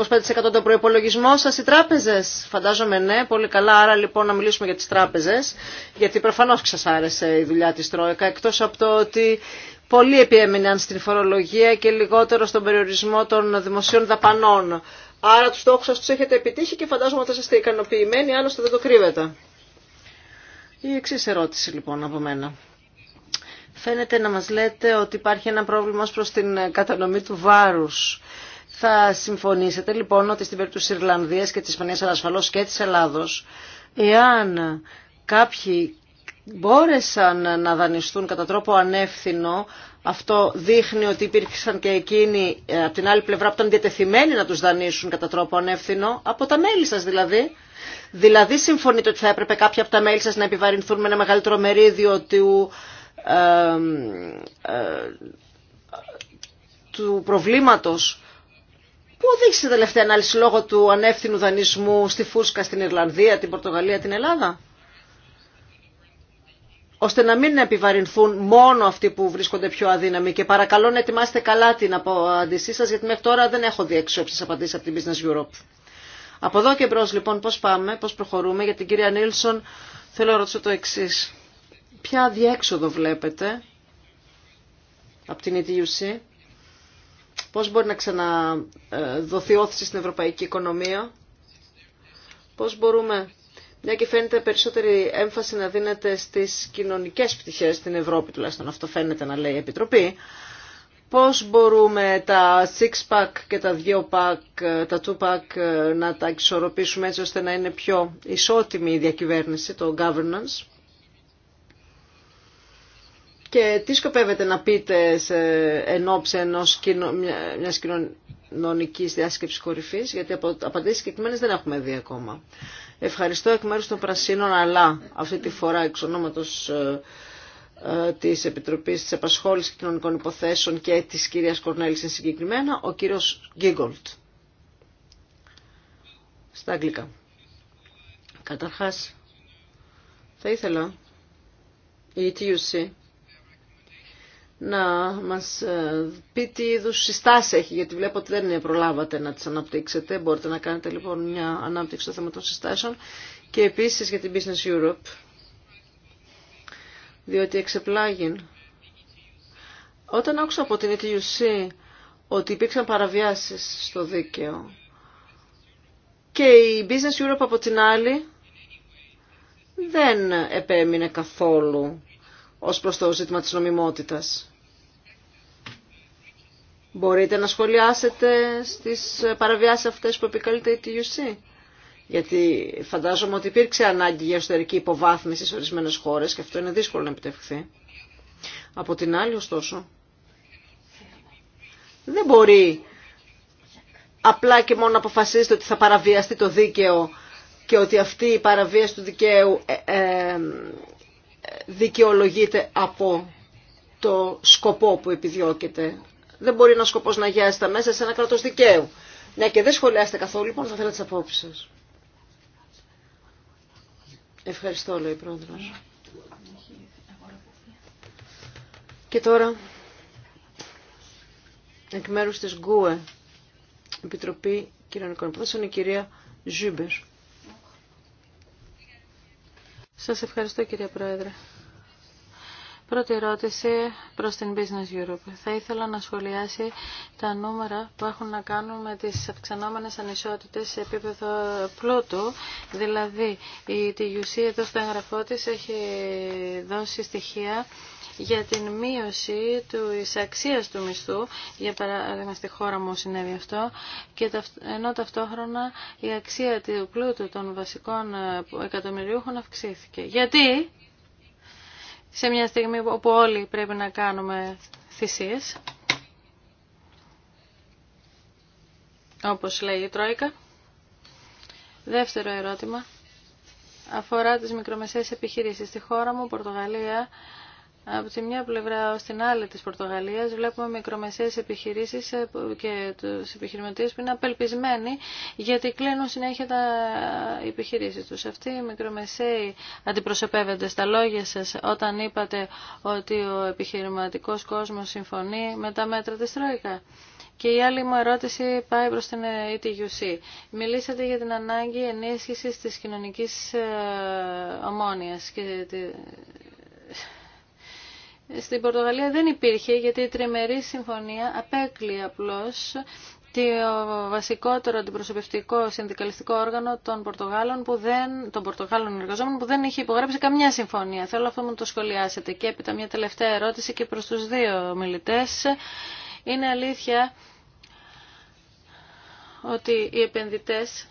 25% τον προπολογισμό σας οι τράπεζες. Φαντάζομαι ναι, πολύ καλά. Άρα λοιπόν να μιλήσουμε για τις τράπεζες, γιατί προφανώς σας άρεσε η δουλειά της Τρόικα, εκτός από το ότι πολλοί επιέμειναν στην φορολογία και λιγότερο στον περιορισμό των δημοσίων δαπανών. Άρα τους στόχους σας τους έχετε επιτύχει και φαντάζομαι ότι είστε ικανοποιημένοι, άλλωστε δεν το κρύβετε. Η εξή ερώτηση λοιπόν από μένα. Φαίνεται να μας λέτε ότι υπάρχει ένα πρόβλημα ως προς την κατανομή του βάρους. Θα συμφωνήσετε λοιπόν ότι στην περίπτωση της Ιρλανδίας και της Ισπανίας αλλά ασφαλώς και της Ελλάδος, εάν κάποιοι μπόρεσαν να δανειστούν κατά τρόπο ανεύθυνο, αυτό δείχνει ότι υπήρξαν και εκείνοι ε, από την άλλη πλευρά που ήταν διατεθειμένοι να τους δανείσουν κατά τρόπο ανεύθυνο, από τα μέλη σας δηλαδή. Δηλαδή συμφωνείτε ότι θα έπρεπε κάποια από τα μέλη σας να επιβαρυνθούν με ένα μεγαλύτερο μερίδιο του ε, του προβλήματος που οδήγησε τελευταία ανάλυση λόγω του ανεύθυνου δανεισμού στη Φούσκα, στην Ιρλανδία, την Πορτογαλία, την Ελλάδα ώστε να μην επιβαρυνθούν μόνο αυτοί που βρίσκονται πιο αδύναμοι. Και παρακαλώ να ετοιμάσετε καλά την απάντησή σα, γιατί μέχρι τώρα δεν έχω δει αξιόπιστες απαντήσει από την Business Europe. Από εδώ και μπρο λοιπόν πώ πάμε, πώ προχωρούμε. Για την κυρία Νίλσον θέλω να ρωτήσω το εξή. Ποια διέξοδο βλέπετε από την EDUC, πώς μπορεί να ξαναδοθεί όθηση στην ευρωπαϊκή οικονομία, πώς μπορούμε, μια και φαίνεται περισσότερη έμφαση να δίνεται στις κοινωνικές πτυχές στην Ευρώπη, τουλάχιστον αυτό φαίνεται να λέει η Επιτροπή, πώς μπορούμε τα six-pack και τα δύο-pack, τα two-pack να τα εξορροπήσουμε έτσι ώστε να είναι πιο ισότιμη η διακυβέρνηση, το governance και τι σκοπεύετε να πείτε σε ώψη ενός κοινο, μιας κοινωνικής διάσκεψης κορυφής, γιατί από απαντήσεις συγκεκριμένε δεν έχουμε δει ακόμα. Ευχαριστώ εκ μέρους των Πρασίνων, αλλά αυτή τη φορά εξ ονόματος ε, ε, της Επιτροπής της Επασχόλησης και Κοινωνικών Υποθέσεων και της κυρίας Κορνέλης συγκεκριμένα, ο κύριος Γκίγκολτ. Στα αγγλικά. Καταρχάς, θα ήθελα η TUC να μας ε, πει τι είδους συστάσεις έχει, γιατί βλέπω ότι δεν προλάβατε να τις αναπτύξετε. Μπορείτε να κάνετε λοιπόν μια ανάπτυξη στο θέμα των συστάσεων και επίσης για την Business Europe, διότι εξεπλάγει. Όταν άκουσα από την ETUC ότι υπήρξαν παραβιάσεις στο δίκαιο και η Business Europe από την άλλη δεν επέμεινε καθόλου ως προς το ζήτημα της νομιμότητας. Μπορείτε να σχολιάσετε στις παραβιάσεις αυτές που επικαλείται η TUC. Γιατί φαντάζομαι ότι υπήρξε ανάγκη για εσωτερική υποβάθμιση σε ορισμένες χώρες και αυτό είναι δύσκολο να επιτευχθεί. Από την άλλη, ωστόσο, δεν μπορεί απλά και μόνο να αποφασίσετε ότι θα παραβιαστεί το δίκαιο και ότι αυτή η παραβίαση του δικαίου ε, ε, δικαιολογείται από το σκοπό που επιδιώκεται δεν μπορεί ένα σκοπό να γιάσει μέσα σε ένα κράτο δικαίου. Ναι, και δεν σχολιάστε καθόλου, λοιπόν, θα θέλω τι απόψει σα. Ευχαριστώ, λέει η πρόεδρο. Και τώρα, εκ μέρου τη ΓΚΟΕ, Επιτροπή Κοινωνικών Υποθέσεων, η κυρία Ζούμπερ. Σας ευχαριστώ, κυρία Πρόεδρε. Πρώτη ερώτηση προς την Business Europe. Θα ήθελα να σχολιάσει τα νούμερα που έχουν να κάνουν με τις αυξανόμενες ανισότητες σε επίπεδο πλούτου. Δηλαδή, η TUC εδώ στο εγγραφό της έχει δώσει στοιχεία για την μείωση του αξίας του μισθού, για παράδειγμα στη χώρα μου συνέβη αυτό, και ενώ ταυτόχρονα η αξία του πλούτου των βασικών ε, εκατομμυριούχων αυξήθηκε. Γιατί σε μια στιγμή όπου όλοι πρέπει να κάνουμε θυσίες, όπως λέει η Τρόικα. Δεύτερο ερώτημα αφορά τις μικρομεσαίες επιχειρήσεις. Στη χώρα μου, Πορτογαλία, από τη μια πλευρά ω την άλλη τη Πορτογαλίας βλέπουμε μικρομεσαίε επιχειρήσεις ε, και του επιχειρηματίες που είναι απελπισμένοι γιατί κλείνουν συνέχεια τα επιχειρήσει τους. Αυτοί οι μικρομεσαίοι αντιπροσωπεύονται στα λόγια σα, όταν είπατε ότι ο επιχειρηματικός κόσμος συμφωνεί με τα μέτρα της Τρόικα. Και η άλλη μου ερώτηση πάει προς την ETUC. Ε, Μιλήσατε για την ανάγκη ενίσχυσης της κοινωνικής ε, ομόνοιας στην Πορτογαλία δεν υπήρχε γιατί η τριμερή συμφωνία απέκλει απλώς το βασικότερο αντιπροσωπευτικό συνδικαλιστικό όργανο των Πορτογάλων, που δεν, των Πορτογάλων εργαζόμενων που δεν είχε υπογράψει καμιά συμφωνία. Θέλω αυτό μου το σχολιάσετε. Και έπειτα μια τελευταία ερώτηση και προς τους δύο μιλητές. Είναι αλήθεια ότι οι επενδυτές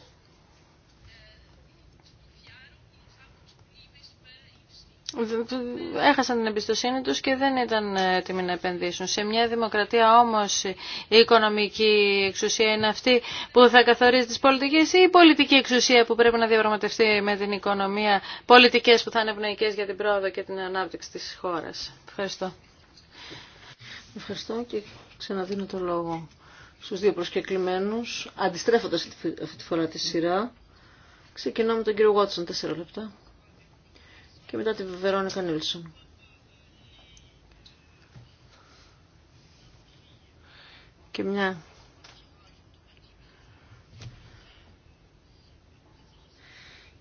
έχασαν την εμπιστοσύνη τους και δεν ήταν έτοιμοι να επενδύσουν. Σε μια δημοκρατία όμως η οικονομική εξουσία είναι αυτή που θα καθορίζει τις πολιτικές ή η πολιτική εξουσία που πρέπει να διαπραγματευτεί με την οικονομία πολιτικές που θα είναι ευνοϊκές για την πρόοδο και την ανάπτυξη της χώρας. Ευχαριστώ. Ευχαριστώ και ξαναδίνω το λόγο στους δύο προσκεκλημένους, αντιστρέφοντας αυτή τη φορά τη σειρά. ξεκινώ με τον κύριο Γότσον, τέσσερα λεπτά και μετά τη Βερόνικα Νίλσον. Και μια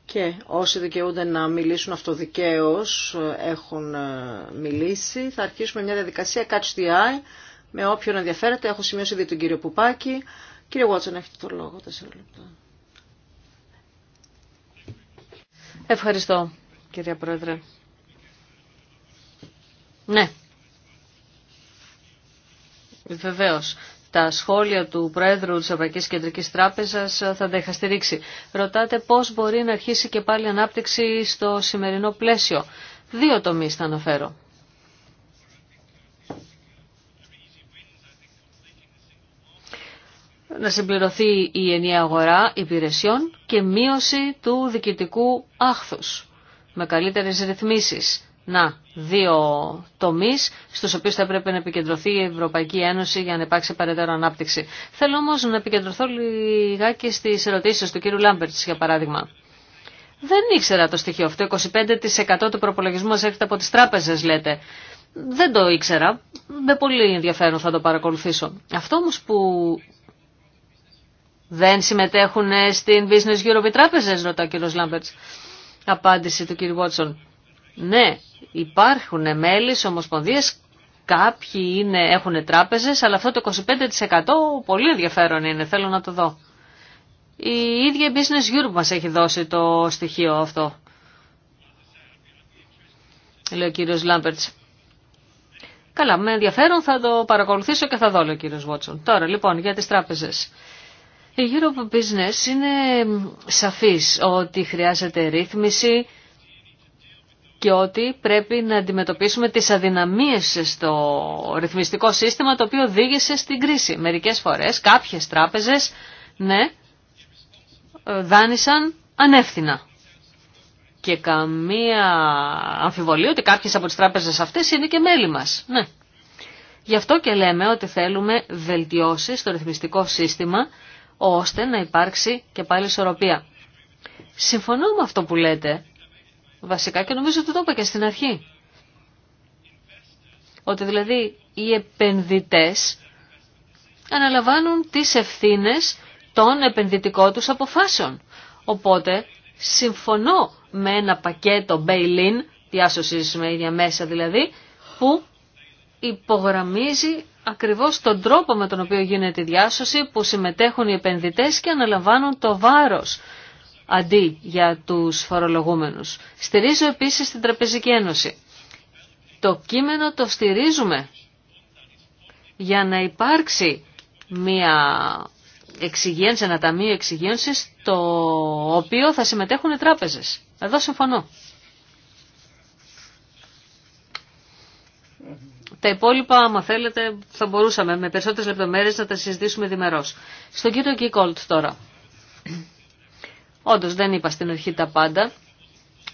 και όσοι δικαιούνται να μιλήσουν αυτοδικαίως έχουν ε, μιλήσει. Θα αρχίσουμε μια διαδικασία catch the eye με όποιον ενδιαφέρεται. Έχω σημειώσει ήδη τον κύριο Πουπάκη. Κύριε Βότσον, έχετε το λόγο. Τέσσερα λεπτά. Ευχαριστώ. Κύριε Πρόεδρε. Ναι. Βεβαίως. Τα σχόλια του Πρόεδρου της Ευρωπαϊκής Κεντρικής Τράπεζας θα τα είχα στηρίξει. Ρωτάτε πώς μπορεί να αρχίσει και πάλι ανάπτυξη στο σημερινό πλαίσιο. Δύο τομείς θα αναφέρω. να συμπληρωθεί η ενιαία αγορά υπηρεσιών και μείωση του διοικητικού άχθους με καλύτερες ρυθμίσεις. Να, δύο τομεί στου οποίου θα έπρεπε να επικεντρωθεί η Ευρωπαϊκή Ένωση για να υπάρξει παρετέρω ανάπτυξη. Θέλω όμω να επικεντρωθώ λιγάκι στι ερωτήσει του κύριου Λάμπερτ, για παράδειγμα. Δεν ήξερα το στοιχείο αυτό. 25% του προπολογισμού μας έρχεται από τι τράπεζε, λέτε. Δεν το ήξερα. Με πολύ ενδιαφέρον θα το παρακολουθήσω. Αυτό όμως που δεν συμμετέχουν στην Business Europe οι τράπεζε, ρωτά ο κύριο Λάμπερτ απάντηση του κ. Βότσον. Ναι, υπάρχουν μέλη σε ομοσπονδίες, κάποιοι είναι, έχουν τράπεζες, αλλά αυτό το 25% πολύ ενδιαφέρον είναι, θέλω να το δω. Η ίδια Business Europe μας έχει δώσει το στοιχείο αυτό, λέει ο κύριος Λάμπερτς. Καλά, με ενδιαφέρον θα το παρακολουθήσω και θα δω, λέει ο κύριος Βότσον. Τώρα λοιπόν για τις τράπεζες. Η Europe Business είναι σαφής ότι χρειάζεται ρύθμιση και ότι πρέπει να αντιμετωπίσουμε τις αδυναμίες στο ρυθμιστικό σύστημα το οποίο οδήγησε στην κρίση. Μερικές φορές κάποιες τράπεζες, ναι, δάνεισαν ανεύθυνα. Και καμία αμφιβολία ότι κάποιες από τις τράπεζες αυτές είναι και μέλη μας. Ναι. Γι' αυτό και λέμε ότι θέλουμε βελτιώσεις στο ρυθμιστικό σύστημα ώστε να υπάρξει και πάλι ισορροπία. Συμφωνώ με αυτό που λέτε, βασικά και νομίζω ότι το είπα και στην αρχή. Ότι δηλαδή οι επενδυτές αναλαμβάνουν τις ευθύνες των επενδυτικών τους αποφάσεων. Οπότε συμφωνώ με ένα πακέτο bail-in, διάσωσης με ίδια μέσα δηλαδή, που υπογραμμίζει ακριβώς τον τρόπο με τον οποίο γίνεται η διάσωση που συμμετέχουν οι επενδυτές και αναλαμβάνουν το βάρος αντί για τους φορολογούμενους. Στηρίζω επίσης την Τραπεζική Ένωση. Το κείμενο το στηρίζουμε για να υπάρξει μια εξυγένση, ένα ταμείο εξυγένσης το οποίο θα συμμετέχουν οι τράπεζες. Εδώ συμφωνώ. Τα υπόλοιπα, άμα θέλετε, θα μπορούσαμε με περισσότερες λεπτομέρειες να τα συζητήσουμε διμερώς. Στον κύριο Κίκολτ τώρα. Όντως δεν είπα στην αρχή τα πάντα.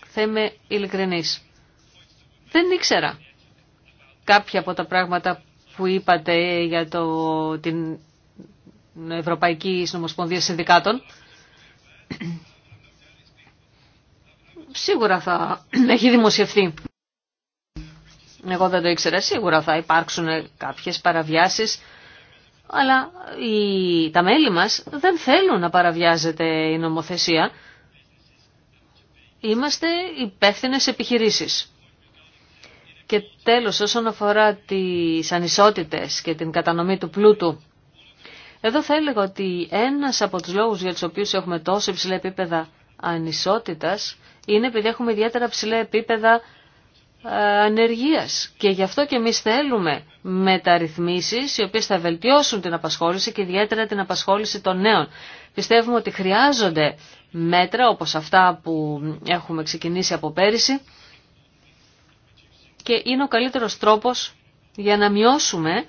Θα είμαι ειλικρινής. Δεν ήξερα κάποια από τα πράγματα που είπατε για το, την Ευρωπαϊκή Συνομοσπονδία Συνδικάτων. Σίγουρα θα *clears throat* έχει δημοσιευθεί. Εγώ δεν το ήξερα σίγουρα, θα υπάρξουν κάποιες παραβιάσεις, αλλά οι, τα μέλη μας δεν θέλουν να παραβιάζεται η νομοθεσία. Είμαστε υπεύθυνε επιχειρήσεις. Και τέλος, όσον αφορά τις ανισότητες και την κατανομή του πλούτου, εδώ θα έλεγα ότι ένας από τους λόγους για τους οποίους έχουμε τόσο υψηλά επίπεδα ανισότητας είναι επειδή έχουμε ιδιαίτερα ψηλά επίπεδα ε, ανεργίας και γι' αυτό και εμείς θέλουμε μεταρρυθμίσεις οι οποίες θα βελτιώσουν την απασχόληση και ιδιαίτερα την απασχόληση των νέων. Πιστεύουμε ότι χρειάζονται μέτρα όπως αυτά που έχουμε ξεκινήσει από πέρυσι και είναι ο καλύτερος τρόπος για να μειώσουμε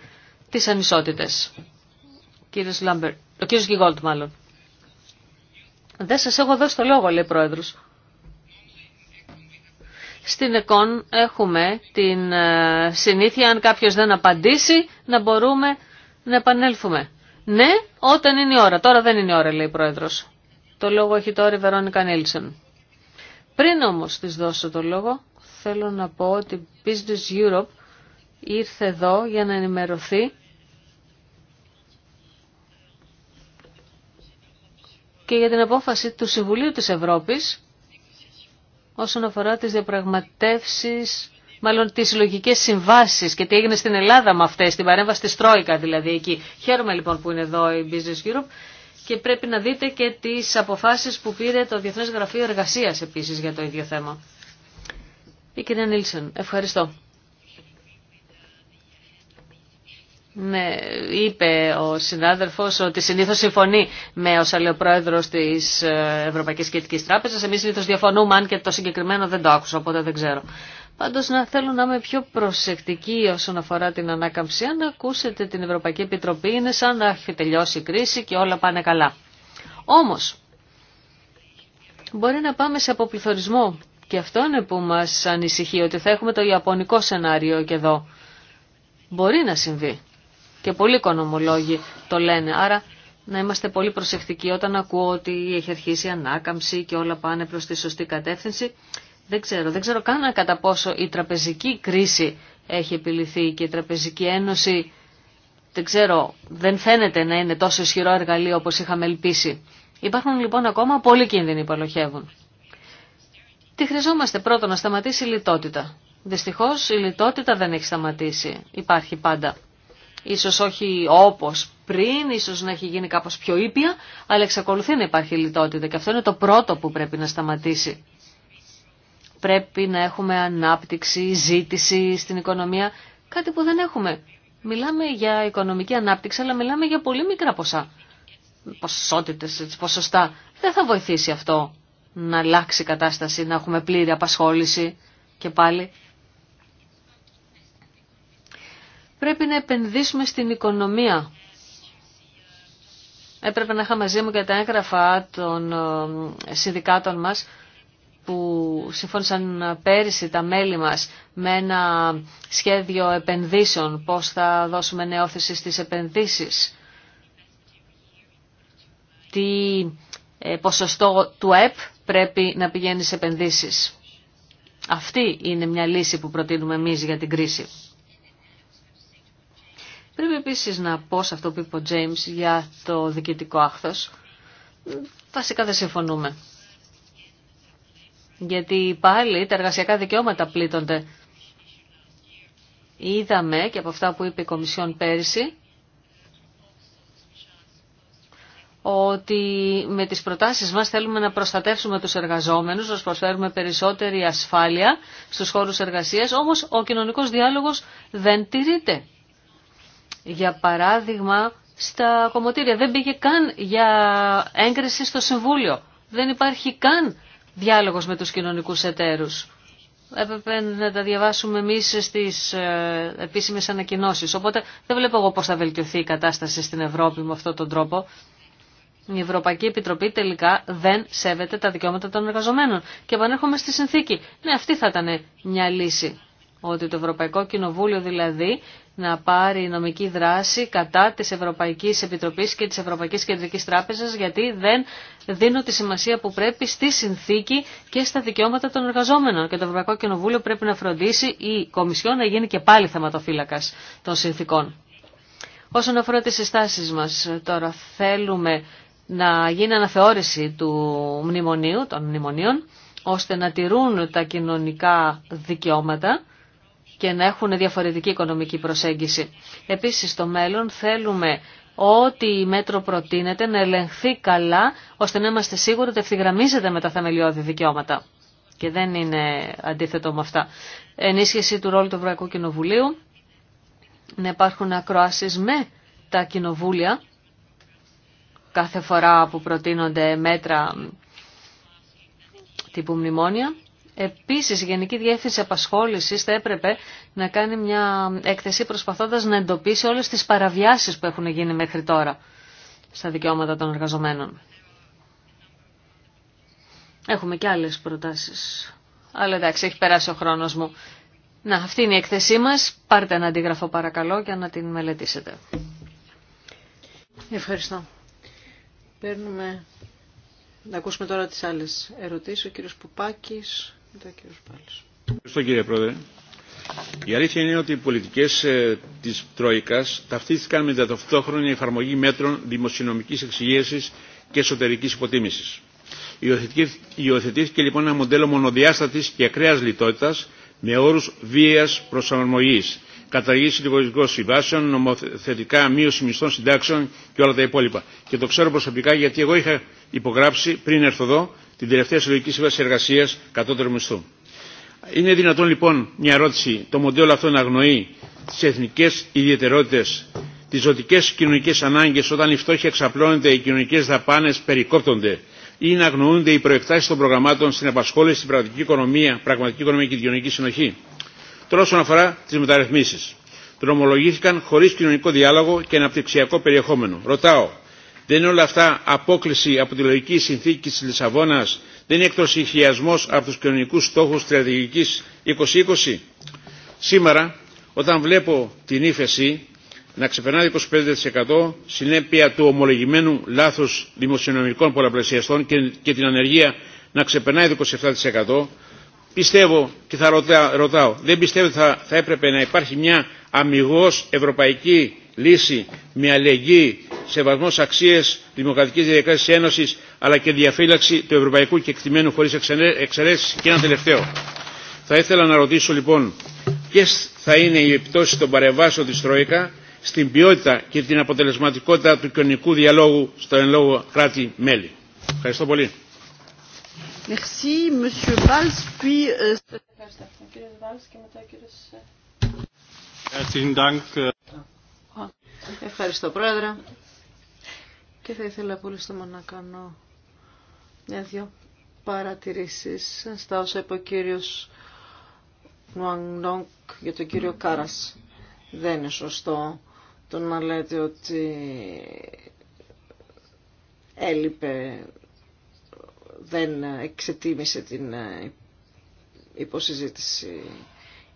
τις ανισότητες. Κύριος Λάμπερ, ο κύριος Γιγόλτ μάλλον. Δεν σας έχω δώσει το λόγο, λέει ο Πρόεδρος. Στην ΕΚΟΝ έχουμε την ε, συνήθεια, αν κάποιος δεν απαντήσει, να μπορούμε να επανέλθουμε. Ναι, όταν είναι η ώρα. Τώρα δεν είναι η ώρα, λέει η Πρόεδρος. Το λόγο έχει τώρα η Βερόνικα Νίλσον. Πριν όμως της δώσω το λόγο, θέλω να πω ότι Business Europe ήρθε εδώ για να ενημερωθεί και για την απόφαση του Συμβουλίου της Ευρώπης όσον αφορά τις διαπραγματεύσεις, μάλλον τις συλλογικέ συμβάσεις και τι έγινε στην Ελλάδα με αυτές, την παρέμβαση της Τρόικα δηλαδή εκεί. Χαίρομαι λοιπόν που είναι εδώ η Business Europe και πρέπει να δείτε και τις αποφάσεις που πήρε το Διεθνές Γραφείο Εργασίας επίσης για το ίδιο θέμα. Η κυρία Νίλσεν, ευχαριστώ. Ναι, είπε ο συνάδελφος ότι συνήθως συμφωνεί με όσα λέει ο πρόεδρος της ε, Ευρωπαϊκής Κεντρικής Τράπεζας. Εμείς συνήθως διαφωνούμε αν και το συγκεκριμένο δεν το άκουσα, οπότε δεν ξέρω. Πάντως να θέλω να είμαι πιο προσεκτική όσον αφορά την ανάκαμψη. Αν ακούσετε την Ευρωπαϊκή Επιτροπή είναι σαν να έχει τελειώσει η κρίση και όλα πάνε καλά. Όμως, μπορεί να πάμε σε αποπληθωρισμό. Και αυτό είναι που μας ανησυχεί, ότι θα έχουμε το ιαπωνικό σενάριο και εδώ. Μπορεί να συμβεί. Και πολλοί οικονομολόγοι το λένε. Άρα να είμαστε πολύ προσεκτικοί όταν ακούω ότι έχει αρχίσει η ανάκαμψη και όλα πάνε προς τη σωστή κατεύθυνση. Δεν ξέρω, δεν ξέρω καν κατά πόσο η τραπεζική κρίση έχει επιληθεί και η τραπεζική ένωση δεν ξέρω, δεν φαίνεται να είναι τόσο ισχυρό εργαλείο όπως είχαμε ελπίσει. Υπάρχουν λοιπόν ακόμα πολλοί κίνδυνοι που αλοχεύουν. Τι χρειαζόμαστε πρώτον να σταματήσει η λιτότητα. Δυστυχώς η λιτότητα δεν έχει σταματήσει. Υπάρχει πάντα ίσως όχι όπως πριν, ίσως να έχει γίνει κάπως πιο ήπια, αλλά εξακολουθεί να υπάρχει λιτότητα και αυτό είναι το πρώτο που πρέπει να σταματήσει. Πρέπει να έχουμε ανάπτυξη, ζήτηση στην οικονομία, κάτι που δεν έχουμε. Μιλάμε για οικονομική ανάπτυξη, αλλά μιλάμε για πολύ μικρά ποσά. Ποσότητες, ποσοστά. Δεν θα βοηθήσει αυτό να αλλάξει η κατάσταση, να έχουμε πλήρη απασχόληση και πάλι. Πρέπει να επενδύσουμε στην οικονομία. Έπρεπε να είχα μαζί μου και τα έγγραφα των ε, συνδικάτων μας που συμφώνησαν πέρυσι τα μέλη μας με ένα σχέδιο επενδύσεων, πώς θα δώσουμε νεόθεση στις επενδύσεις, τι ε, ποσοστό του ΕΠ πρέπει να πηγαίνει σε επενδύσεις. Αυτή είναι μια λύση που προτείνουμε εμείς για την κρίση. Πρέπει επίσης να πω σε αυτό που είπε ο Τζέιμς για το διοικητικό άχθος. Βασικά δεν συμφωνούμε. Γιατί πάλι τα εργασιακά δικαιώματα πλήττονται. Είδαμε και από αυτά που είπε η Κομισιόν πέρυσι ότι με τις προτάσεις μας θέλουμε να προστατεύσουμε τους εργαζόμενους, να προσφέρουμε περισσότερη ασφάλεια στους χώρους εργασίας, όμως ο κοινωνικός διάλογος δεν τηρείται. Για παράδειγμα, στα κομμωτήρια δεν πήγε καν για έγκριση στο Συμβούλιο. Δεν υπάρχει καν διάλογος με τους κοινωνικούς εταίρους. Έπρεπε να τα διαβάσουμε εμείς στις ε, επίσημες ανακοινώσεις. Οπότε δεν βλέπω εγώ πώς θα βελτιωθεί η κατάσταση στην Ευρώπη με αυτόν τον τρόπο. Η Ευρωπαϊκή Επιτροπή τελικά δεν σέβεται τα δικαιώματα των εργαζομένων. Και επανέρχομαι στη συνθήκη. Ναι, αυτή θα ήταν μια λύση ότι το Ευρωπαϊκό Κοινοβούλιο δηλαδή να πάρει νομική δράση κατά της Ευρωπαϊκής Επιτροπής και της Ευρωπαϊκής Κεντρικής Τράπεζας γιατί δεν δίνουν τη σημασία που πρέπει στη συνθήκη και στα δικαιώματα των εργαζόμενων και το Ευρωπαϊκό Κοινοβούλιο πρέπει να φροντίσει η Κομισιό να γίνει και πάλι θεματοφύλακας των συνθήκων. Όσον αφορά τις συστάσεις μας τώρα θέλουμε να γίνει αναθεώρηση του μνημονίου, των μνημονίων ώστε να τηρούν τα κοινωνικά δικαιώματα και να έχουν διαφορετική οικονομική προσέγγιση. Επίσης, στο μέλλον θέλουμε ό,τι η μέτρο προτείνεται να ελεγχθεί καλά, ώστε να είμαστε σίγουροι ότι ευθυγραμμίζεται με τα θεμελιώδη δικαιώματα. Και δεν είναι αντίθετο με αυτά. Ενίσχυση του ρόλου του Ευρωπαϊκού Κοινοβουλίου, να υπάρχουν ακροάσεις με τα κοινοβούλια, κάθε φορά που προτείνονται μέτρα τύπου μνημόνια Επίσης, η Γενική Διεύθυνση Απασχόλησης θα έπρεπε να κάνει μια έκθεση προσπαθώντας να εντοπίσει όλες τις παραβιάσεις που έχουν γίνει μέχρι τώρα στα δικαιώματα των εργαζομένων. Έχουμε και άλλες προτάσεις. Αλλά εντάξει, έχει περάσει ο χρόνος μου. Να, αυτή είναι η έκθεσή μας. Πάρτε ένα αντίγραφο παρακαλώ για να την μελετήσετε. Ευχαριστώ. Παίρνουμε... Να ακούσουμε τώρα τις άλλες ερωτήσεις. Ο κύριος Πουπάκης, Ευχαριστώ κύριε Πρόεδρε. Η αλήθεια είναι ότι οι πολιτικέ ε, τη Τρόικα ταυτίστηκαν με την ταυτόχρονη εφαρμογή μέτρων δημοσιονομική εξηγίαση και εσωτερική υποτίμηση. Υιοθετήθηκε λοιπόν ένα μοντέλο μονοδιάστατη και ακραία λιτότητα με όρου βία προσαρμογή, καταργήση λιγοριστικών συμβάσεων, νομοθετικά μείωση μισθών συντάξεων και όλα τα υπόλοιπα. Και το ξέρω προσωπικά γιατί εγώ είχα υπογράψει πριν έρθω εδώ την τελευταία συλλογική σύμβαση εργασία κατώτερου μισθού. Είναι δυνατόν λοιπόν μια ερώτηση το μοντέλο αυτό να αγνοεί τι εθνικέ ιδιαιτερότητε, τι ζωτικέ κοινωνικέ ανάγκε όταν η φτώχεια εξαπλώνεται, οι κοινωνικέ δαπάνε περικόπτονται ή να αγνοούνται οι προεκτάσει των προγραμμάτων στην απασχόληση, στην πραγματική οικονομία, πραγματική οικονομία και την κοινωνική συνοχή. Τώρα όσον αφορά τι μεταρρυθμίσει. Τρομολογήθηκαν χωρί κοινωνικό διάλογο και αναπτυξιακό περιεχόμενο. Ρωτάω, δεν είναι όλα αυτά απόκληση από τη λογική συνθήκη της Λισαβόνας, δεν είναι εκτροσυχιασμό από τους κοινωνικούς στόχους στρατηγικής 2020. Σήμερα, όταν βλέπω την ύφεση να ξεπερνά 25% συνέπεια του ομολογημένου λάθους δημοσιονομικών πολλαπλασιαστών και την ανεργία να ξεπερνάει 27%, πιστεύω και θα ρωτάω, δεν πιστεύω ότι θα, θα έπρεπε να υπάρχει μια αμυγός ευρωπαϊκή λύση με αλληλεγγύη, σεβασμό αξίε δημοκρατική διαδικασία ένωση αλλά και διαφύλαξη του ευρωπαϊκού κεκτημένου χωρί εξαιρέσει. Και ένα τελευταίο. Θα ήθελα να ρωτήσω λοιπόν ποιε θα είναι οι επιπτώσει των παρεμβάσεων τη Τρόικα στην ποιότητα και την αποτελεσματικότητα του κοινωνικού διαλόγου στο εν λόγω κράτη-μέλη. Ευχαριστώ πολύ. Euh, Ευχαριστώ Πρόεδρε. Και θα ήθελα πολύ στο να κάνω μια-δυο παρατηρήσεις στα όσα είπε ο κύριος Νουαγνόγκ για τον κύριο Κάρας. Δεν είναι σωστό το να λέτε ότι έλειπε, δεν εξετίμησε την υποσυζήτηση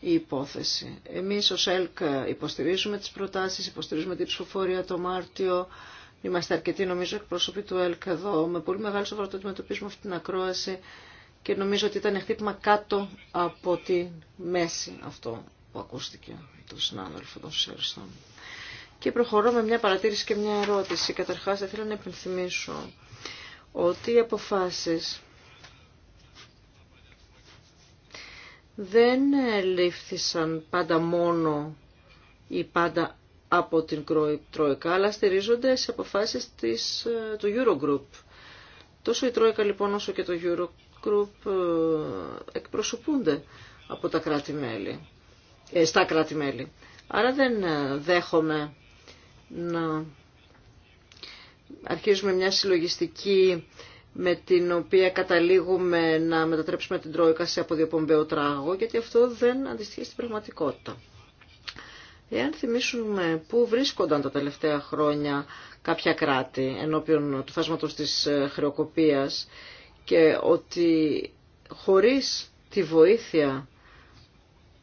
η υπόθεση. Εμείς ως ΕΛΚ υποστηρίζουμε τις προτάσεις, υποστηρίζουμε την ψηφοφορία το Μάρτιο. Είμαστε αρκετοί νομίζω εκπρόσωποι του ΕΛΚ εδώ. Με πολύ μεγάλο σοβαρό το αντιμετωπίζουμε αυτή την ακρόαση και νομίζω ότι ήταν χτύπημα κάτω από τη μέση αυτό που ακούστηκε του συνάδελφο των Σέρστον. Και προχωρώ με μια παρατήρηση και μια ερώτηση. Καταρχάς θα ήθελα να υπενθυμίσω ότι οι αποφάσεις δεν λήφθησαν πάντα μόνο ή πάντα από την Τρόικα, αλλά στηρίζονται σε αποφάσεις της, ε, του Eurogroup. Τόσο η Τρόικα λοιπόν όσο και το Eurogroup ε, εκπροσωπούνται από τα κράτη-μέλη, ε, στα κράτη-μέλη. Άρα δεν δέχομαι να αρχίζουμε μια συλλογιστική με την οποία καταλήγουμε να μετατρέψουμε την Τρόικα σε αποδιοπομπαίο τράγο, γιατί αυτό δεν αντιστοιχεί στην πραγματικότητα. Εάν θυμίσουμε πού βρίσκονταν τα τελευταία χρόνια κάποια κράτη ενώπιον του φάσματος της ε, χρεοκοπίας και ότι χωρίς τη βοήθεια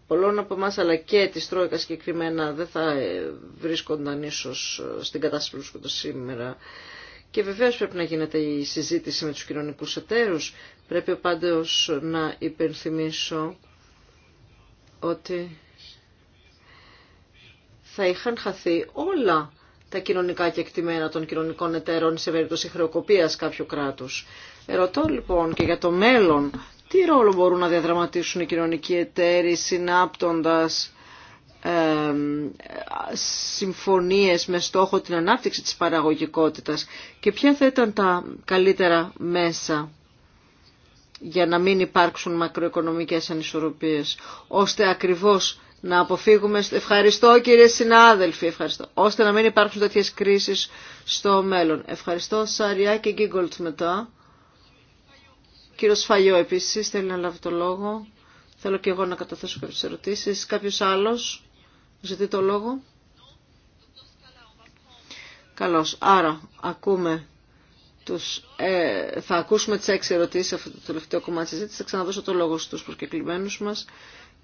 πολλών από εμά αλλά και της Τρόικας συγκεκριμένα δεν θα ε, βρίσκονταν ίσως ε, στην κατάσταση που βρίσκονται σήμερα και βεβαίως πρέπει να γίνεται η συζήτηση με τους κοινωνικούς εταίρους. Πρέπει πάντως να υπενθυμίσω ότι θα είχαν χαθεί όλα τα κοινωνικά κεκτημένα των κοινωνικών εταίρων σε περίπτωση χρεοκοπίας κάποιου κράτους. Ερωτώ λοιπόν και για το μέλλον τι ρόλο μπορούν να διαδραματίσουν οι κοινωνικοί εταίροι συνάπτοντας συμφωνίες με στόχο την ανάπτυξη της παραγωγικότητας και ποια θα ήταν τα καλύτερα μέσα για να μην υπάρξουν μακροοικονομικές ανισορροπίες, ώστε ακριβώς να αποφύγουμε, ευχαριστώ κύριε συνάδελφοι, ευχαριστώ, ώστε να μην υπάρξουν τέτοιες κρίσεις στο μέλλον. Ευχαριστώ Σαριά και Γκίγκολτ μετά. Κύριος Φαγιώ επίσης θέλει να λάβει το λόγο. Θέλω και εγώ να καταθέσω κάποιες ερωτήσεις. Κάποιος άλλος. Ζητεί το λόγο. Καλώς. Άρα, ακούμε τους, ε, θα ακούσουμε τις έξι ερωτήσεις αυτό το τελευταίο κομμάτι της συζήτησης. Θα ξαναδώσω το λόγο στους προσκεκλημένους μας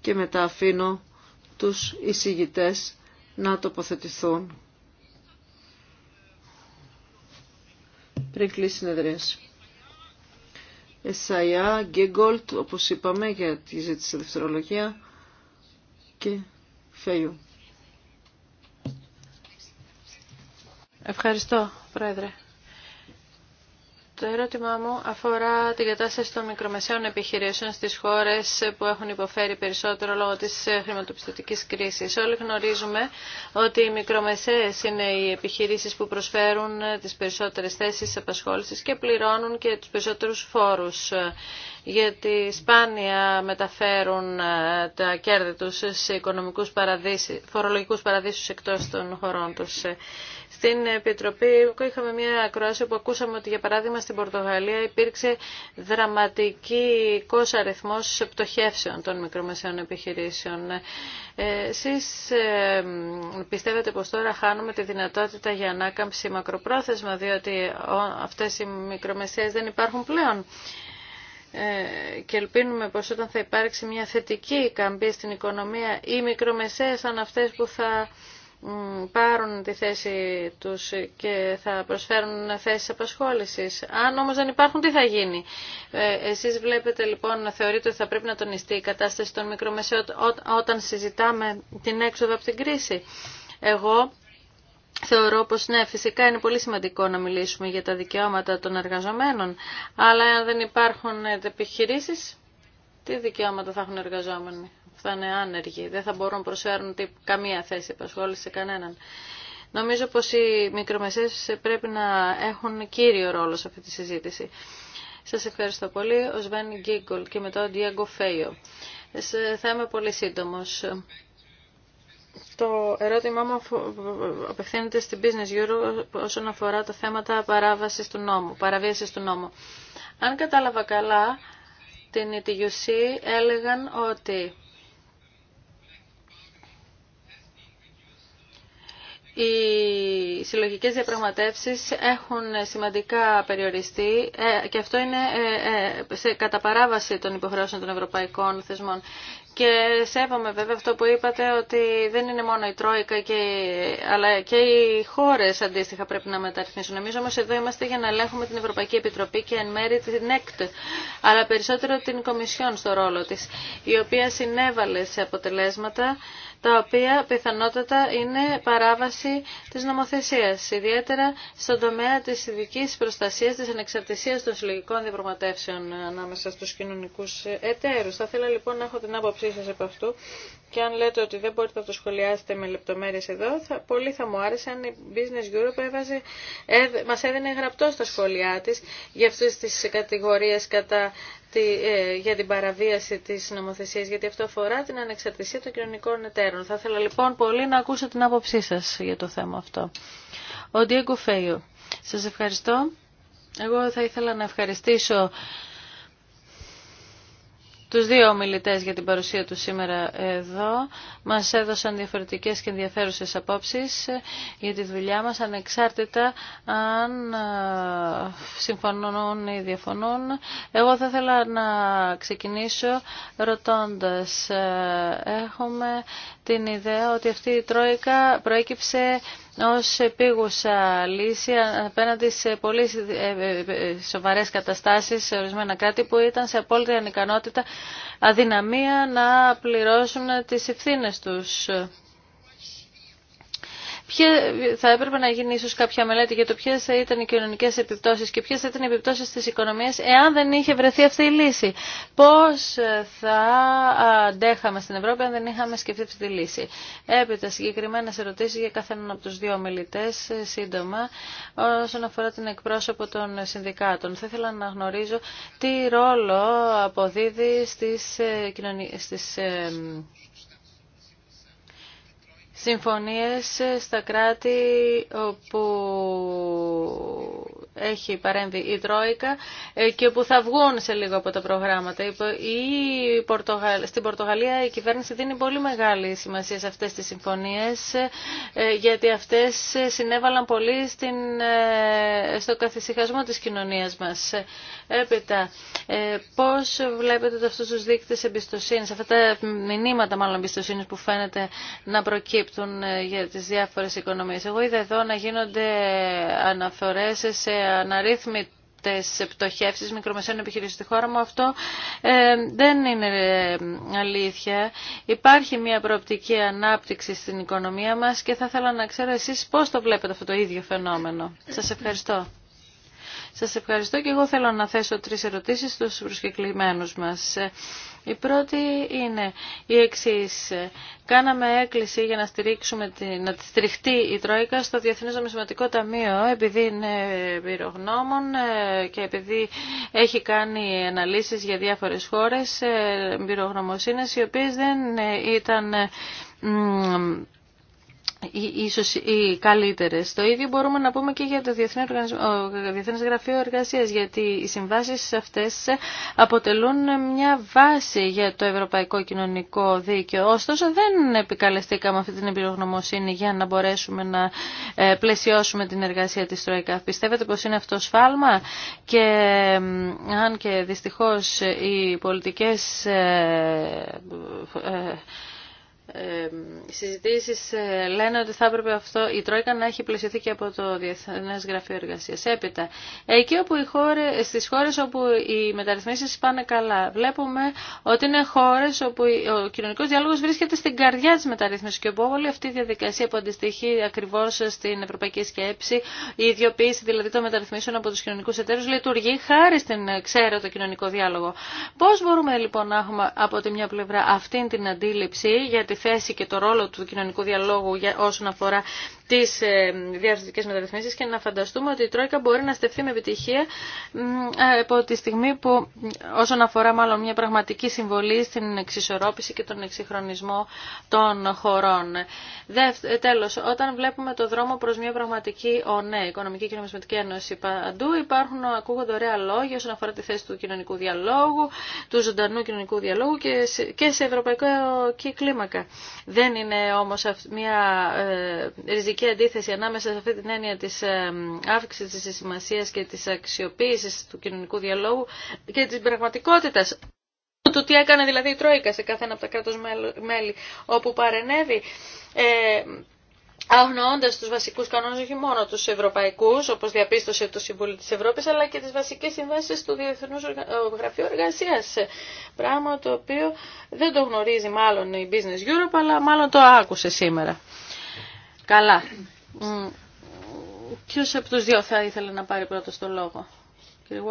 και μετά αφήνω τους εισηγητές να τοποθετηθούν πριν κλείσει η συνεδρίαση. Εσαϊά, Γκίγκολτ, όπως είπαμε, για τη ζήτηση δευτερολογία και Ευχαριστώ, Πρόεδρε. Το ερώτημά μου αφορά την κατάσταση των μικρομεσαίων επιχειρήσεων στις χώρες που έχουν υποφέρει περισσότερο λόγω της χρηματοπιστωτικής κρίσης. Όλοι γνωρίζουμε ότι οι μικρομεσαίες είναι οι επιχειρήσεις που προσφέρουν τις περισσότερες θέσεις απασχόλησης και πληρώνουν και τους περισσότερους φόρους γιατί σπάνια μεταφέρουν ε, τα κέρδη τους σε οικονομικούς παραδείσους, φορολογικούς παραδείσους εκτός των χωρών τους. Στην Επιτροπή είχαμε μια ακρόαση που ακούσαμε ότι για παράδειγμα στην Πορτογαλία υπήρξε δραματικός αριθμός πτωχεύσεων των μικρομεσαίων επιχειρήσεων. Ε, εσείς ε, πιστεύετε πως τώρα χάνουμε τη δυνατότητα για ανάκαμψη μακροπρόθεσμα διότι αυτές οι μικρομεσαίες δεν υπάρχουν πλέον ε, και ελπίνουμε πως όταν θα υπάρξει μια θετική καμπή στην οικονομία οι μικρομεσαίες σαν αυτές που θα πάρουν τη θέση τους και θα προσφέρουν θέσεις απασχόλησης. Αν όμως δεν υπάρχουν, τι θα γίνει. Ε, εσείς βλέπετε λοιπόν, θεωρείτε ότι θα πρέπει να τονιστεί η κατάσταση των μικρομεσαίων όταν συζητάμε την έξοδο από την κρίση. Εγώ Θεωρώ πως ναι, φυσικά είναι πολύ σημαντικό να μιλήσουμε για τα δικαιώματα των εργαζομένων, αλλά αν δεν υπάρχουν επιχειρήσεις, τι δικαιώματα θα έχουν εργαζόμενοι θα είναι άνεργοι, δεν θα μπορούν να προσφέρουν καμία θέση επασχόληση σε κανέναν. Νομίζω πως οι μικρομεσαίες πρέπει να έχουν κύριο ρόλο σε αυτή τη συζήτηση. Σας ευχαριστώ πολύ. Ο Σβέν Γκίγκολ και μετά ο Διέγκο Φέιο. Θα είμαι πολύ σύντομος. Το ερώτημά μου απευθύνεται στην Business Euro όσον αφορά τα θέματα παράβασης του νόμου, παραβίασης του νόμου. Αν κατάλαβα καλά, την ETUC έλεγαν ότι οι συλλογικέ διαπραγματεύσει έχουν σημαντικά περιοριστεί ε, και αυτό είναι ε, ε, σε κατά παράβαση των υποχρεώσεων των ευρωπαϊκών θεσμών. Και σέβομαι βέβαια αυτό που είπατε ότι δεν είναι μόνο η Τρόικα και, αλλά και οι χώρε αντίστοιχα πρέπει να μεταρρυθμίσουν. Εμείς όμω εδώ είμαστε για να ελέγχουμε την Ευρωπαϊκή Επιτροπή και εν μέρη την ΕΚΤ, αλλά περισσότερο την Κομισιόν στο ρόλο τη, η οποία συνέβαλε σε αποτελέσματα τα οποία πιθανότατα είναι παράβαση της νομοθεσίας, ιδιαίτερα στον τομέα της ειδική προστασίας της ανεξαρτησίας των συλλογικών διαπραγματεύσεων ανάμεσα στους κοινωνικούς εταίρους. Θα ήθελα λοιπόν να έχω την άποψή σας από αυτού και αν λέτε ότι δεν μπορείτε να το σχολιάσετε με λεπτομέρειες εδώ, θα, πολύ θα μου άρεσε αν η Business Europe έβαζε, έδ, μας έδινε γραπτό στα σχόλιά της για αυτές τις κατηγορίες κατά ε, για την παραβίαση της νομοθεσία, γιατί αυτό αφορά την ανεξαρτησία των κοινωνικών εταίρων. Θα ήθελα λοιπόν πολύ να ακούσω την άποψή σα για το θέμα αυτό. Ο Ντίγκο Φέιο, σας ευχαριστώ. Εγώ θα ήθελα να ευχαριστήσω τους δύο ομιλητές για την παρουσία του σήμερα εδώ. Μας έδωσαν διαφορετικές και ενδιαφέρουσες απόψεις για τη δουλειά μας, ανεξάρτητα αν ε, συμφωνούν ή διαφωνούν. Εγώ θα ήθελα να ξεκινήσω ρωτώντας, ε, έχουμε την ιδέα ότι αυτή η Τρόικα προέκυψε ως επίγουσα λύση απέναντι σε πολύ ε, ε, ε, σοβαρές καταστάσεις σε ορισμένα κράτη που ήταν σε απόλυτη ανικανότητα αδυναμία να πληρώσουν τις ευθύνες τους. Ποια, θα έπρεπε να γίνει ίσως κάποια μελέτη για το ποιες θα ήταν οι κοινωνικές επιπτώσεις και ποιες θα ήταν οι επιπτώσεις της οικονομίας εάν δεν είχε βρεθεί αυτή η λύση. Πώς θα αντέχαμε στην Ευρώπη αν δεν είχαμε σκεφτεί αυτή τη λύση. Έπειτα συγκεκριμένε ερωτήσεις για κάθε από τους δύο ομιλητές σύντομα όσον αφορά την εκπρόσωπο των συνδικάτων. Θα ήθελα να γνωρίζω τι ρόλο αποδίδει στις, ε, στις ε, συμφωνίες ε, στα κράτη όπου έχει παρέμβει η Τρόικα ε, και που θα βγουν σε λίγο από τα προγράμματα. Στην Πορτογαλία η κυβέρνηση δίνει πολύ μεγάλη σημασία σε αυτές τις συμφωνίες ε, γιατί αυτές συνέβαλαν πολύ στην... Ε, στο καθησυχασμό της κοινωνίας μας. Έπειτα, πώς βλέπετε αυτούς τους δείκτες εμπιστοσύνης, αυτά τα μηνύματα μάλλον εμπιστοσύνης που φαίνεται να προκύπτουν για τις διάφορες οικονομίες. Εγώ είδα εδώ να γίνονται αναφορές σε αναρρύθμιτες σε μικρομεσαίων επιχειρήσεων στη χώρα μου, αυτό ε, δεν είναι ε, αλήθεια. Υπάρχει μια προοπτική ανάπτυξη στην οικονομία μας και θα ήθελα να ξέρω εσείς πώς το βλέπετε αυτό το ίδιο φαινόμενο. Σας ευχαριστώ. Σας ευχαριστώ και εγώ θέλω να θέσω τρεις ερωτήσεις στους προσκεκλημένους μας. Ε, η πρώτη είναι η εξή. Κάναμε έκκληση για να στηρίξουμε, τη, να τη η Τρόικα στο Διεθνέ Νομισματικό Ταμείο, επειδή είναι πυρογνώμων ε, και επειδή έχει κάνει αναλύσεις για διάφορε χώρε πυρογνωμοσύνε, οι οποίες δεν ε, ήταν ε, ίσως οι καλύτερες. Το ίδιο μπορούμε να πούμε και για το Διεθνές Γραφείο Εργασίας, γιατί οι συμβάσεις αυτές αποτελούν μια βάση για το Ευρωπαϊκό Κοινωνικό Δίκαιο. Ωστόσο δεν επικαλεστήκαμε αυτή την εμπειρογνωμοσύνη για να μπορέσουμε να ε, πλαισιώσουμε την εργασία της Τρόικα. Πιστεύετε πως είναι αυτό σφάλμα και αν και δυστυχώς οι πολιτικές ε, ε, ε, συζητήσεις λένε ότι θα έπρεπε αυτό, η Τρόικα να έχει πλαισιωθεί και από το διεθνέ Γραφείο εργασία. Έπειτα, εκεί όπου οι χώρε στις χώρες όπου οι μεταρρυθμίσει πάνε καλά, βλέπουμε ότι είναι χώρε όπου ο κοινωνικό διάλογο βρίσκεται στην καρδιά τη μεταρρύθμιση και όπου όλη αυτή η διαδικασία που αντιστοιχεί ακριβώ στην ευρωπαϊκή σκέψη, η ιδιοποίηση δηλαδή των μεταρρυθμίσεων από του κοινωνικού εταίρου, λειτουργεί χάρη στην ξέρω το κοινωνικό διάλογο. Πώ μπορούμε λοιπόν να έχουμε από τη μια πλευρά αυτή την αντίληψη για τη τη θέση και το ρόλο του κοινωνικού διαλόγου όσον αφορά τις ε, διαρθρωτικέ μεταρρυθμίσει και να φανταστούμε ότι η Τρόικα μπορεί να στεφθεί με επιτυχία ε, από τη στιγμή που όσον αφορά μάλλον μια πραγματική συμβολή στην εξισορρόπηση και τον εξυγχρονισμό των χωρών. Ε, Τέλο, όταν βλέπουμε το δρόμο προ μια πραγματική ΟΝΕ, ναι, Οικονομική και Νομισματική Ένωση παντού, υπάρχουν, ακούγονται ωραία λόγια όσον αφορά τη θέση του κοινωνικού διαλόγου, του ζωντανού κοινωνικού διαλόγου και σε, και σε ευρωπαϊκό και κλίμακα. Δεν είναι όμω μια ριζική αντίθεση ανάμεσα σε αυτή την έννοια της ε, αύξησης της σημασίας και της αξιοποίησης του κοινωνικού διαλόγου και της πραγματικότητας του τι έκανε δηλαδή η Τρόικα σε κάθε ένα από τα κράτος μέλη όπου παρενέβη. Ε, αγνοώντα του βασικού κανόνε, όχι μόνο του ευρωπαϊκού, όπω διαπίστωσε το Συμβούλιο τη Ευρώπη, αλλά και τι βασικέ συμβάσει του Διεθνού Γραφείου Εργασία. Πράγμα το οποίο δεν το γνωρίζει μάλλον η Business Europe, αλλά μάλλον το άκουσε σήμερα. Καλά. Ποιο από του δύο θα ήθελε να πάρει πρώτο το λόγο. Κύριε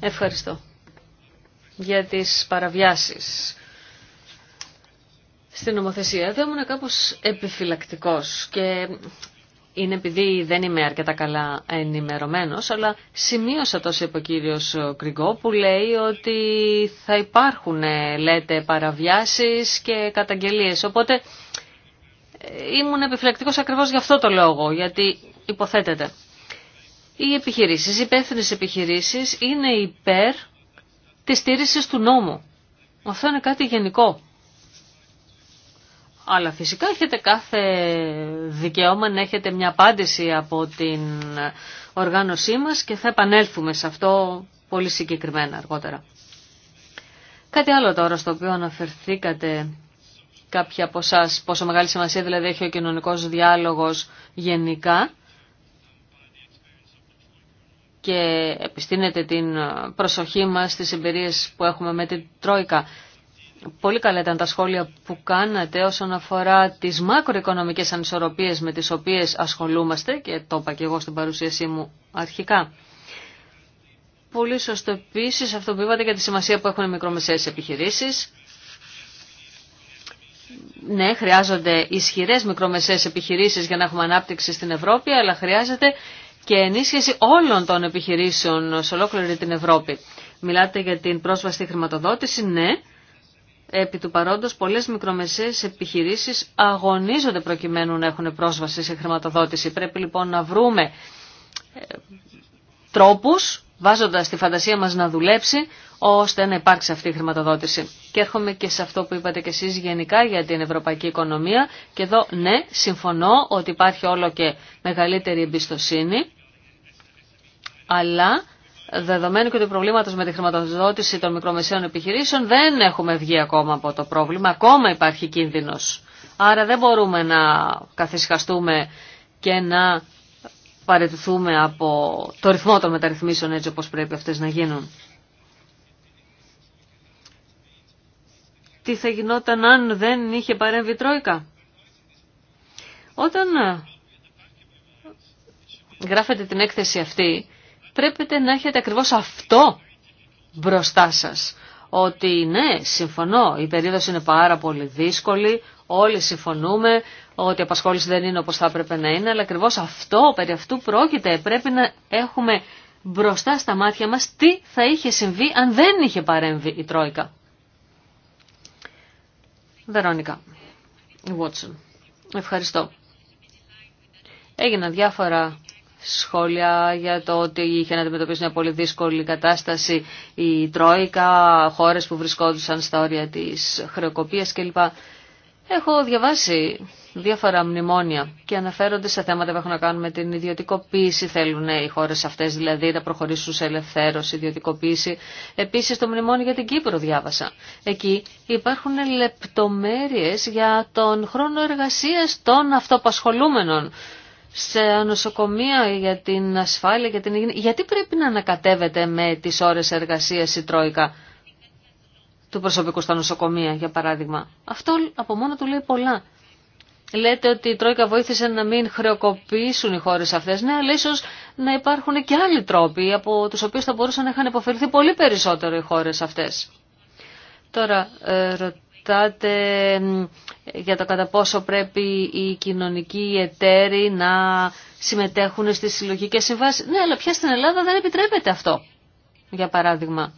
Ευχαριστώ για τις παραβιάσεις στην νομοθεσία. Εδώ ήμουν κάπως επιφυλακτικός και είναι επειδή δεν είμαι αρκετά καλά ενημερωμένος, αλλά σημείωσα τόσο είπε ο Κρυγκό που λέει ότι θα υπάρχουν, ε, λέτε, παραβιάσεις και καταγγελίες. Οπότε ε, ήμουν επιφυλακτικός ακριβώς για αυτό το λόγο, γιατί υποθέτεται. Οι επιχειρήσεις, οι υπεύθυνες επιχειρήσεις είναι υπέρ της στήριξη του νόμου. Αυτό είναι κάτι γενικό. Αλλά φυσικά έχετε κάθε δικαίωμα να έχετε μια απάντηση από την οργάνωσή μας και θα επανέλθουμε σε αυτό πολύ συγκεκριμένα αργότερα. Κάτι άλλο τώρα στο οποίο αναφερθήκατε κάποιοι από εσά, πόσο μεγάλη σημασία δηλαδή έχει ο κοινωνικός διάλογος γενικά και επιστήνεται την προσοχή μας στις εμπειρίες που έχουμε με την Τρόικα. Πολύ καλά ήταν τα σχόλια που κάνατε όσον αφορά τις μακροοικονομικές ανισορροπίες με τις οποίες ασχολούμαστε και το είπα και εγώ στην παρουσίασή μου αρχικά. Πολύ σωστό επίσης αυτό που είπατε για τη σημασία που έχουν οι μικρομεσαίες επιχειρήσεις. Ναι, χρειάζονται ισχυρές μικρομεσαίες επιχειρήσεις για να έχουμε ανάπτυξη στην Ευρώπη, αλλά χρειάζεται και ενίσχυση όλων των επιχειρήσεων σε ολόκληρη την Ευρώπη. Μιλάτε για την πρόσβαση στη χρηματοδότηση, ναι, Επί του παρόντος πολλές μικρομεσαίες επιχειρήσεις αγωνίζονται προκειμένου να έχουν πρόσβαση σε χρηματοδότηση. Πρέπει λοιπόν να βρούμε ε, τρόπους, βάζοντα τη φαντασία μας να δουλέψει, ώστε να υπάρξει αυτή η χρηματοδότηση. Και έρχομαι και σε αυτό που είπατε και εσεί γενικά για την ευρωπαϊκή οικονομία. Και εδώ ναι, συμφωνώ ότι υπάρχει όλο και μεγαλύτερη εμπιστοσύνη, αλλά δεδομένου και του προβλήματο με τη χρηματοδότηση των μικρομεσαίων επιχειρήσεων δεν έχουμε βγει ακόμα από το πρόβλημα, ακόμα υπάρχει κίνδυνος. Άρα δεν μπορούμε να καθησυχαστούμε και να παρετηθούμε από το ρυθμό των μεταρρυθμίσεων έτσι όπως πρέπει αυτές να γίνουν. Τι θα γινόταν αν δεν είχε παρέμβει η Τρόικα. Όταν γράφεται την έκθεση αυτή, πρέπει να έχετε ακριβώς αυτό μπροστά σας. Ότι ναι, συμφωνώ, η περίοδος είναι πάρα πολύ δύσκολη, όλοι συμφωνούμε ότι η απασχόληση δεν είναι όπως θα έπρεπε να είναι, αλλά ακριβώς αυτό, περί αυτού πρόκειται, πρέπει να έχουμε μπροστά στα μάτια μας τι θα είχε συμβεί αν δεν είχε παρέμβει η Τρόικα. Βερόνικα Βότσον. Ευχαριστώ. Έγιναν διάφορα σχόλια για το ότι είχε να αντιμετωπίσει μια πολύ δύσκολη κατάσταση η Τρόικα, χώρες που βρισκόντουσαν στα όρια της χρεοκοπίας κλπ. Έχω διαβάσει διάφορα μνημόνια και αναφέρονται σε θέματα που έχουν να κάνουν με την ιδιωτικοποίηση θέλουν οι χώρες αυτές δηλαδή να προχωρήσουν σε ελευθέρωση, ιδιωτικοποίηση. Επίσης το μνημόνιο για την Κύπρο διάβασα. Εκεί υπάρχουν λεπτομέρειες για τον χρόνο εργασίας των αυτοπασχολούμενων σε νοσοκομεία για την ασφάλεια, για την υγιεινή. Γιατί πρέπει να ανακατεύεται με τις ώρες εργασίας η Τρόικα του προσωπικού στα νοσοκομεία, για παράδειγμα. Αυτό από μόνο του λέει πολλά. Λέτε ότι η Τρόικα βοήθησε να μην χρεοκοπήσουν οι χώρες αυτές. Ναι, αλλά ίσως να υπάρχουν και άλλοι τρόποι από τους οποίους θα μπορούσαν να είχαν υποφερθεί πολύ περισσότερο οι χώρες αυτές. Τώρα, ε, ρωτάτε για το κατά πόσο πρέπει οι κοινωνικοί εταίροι να συμμετέχουν στις συλλογικές συμβάσεις. Ναι, αλλά πια στην Ελλάδα δεν επιτρέπεται αυτό, για παράδειγμα.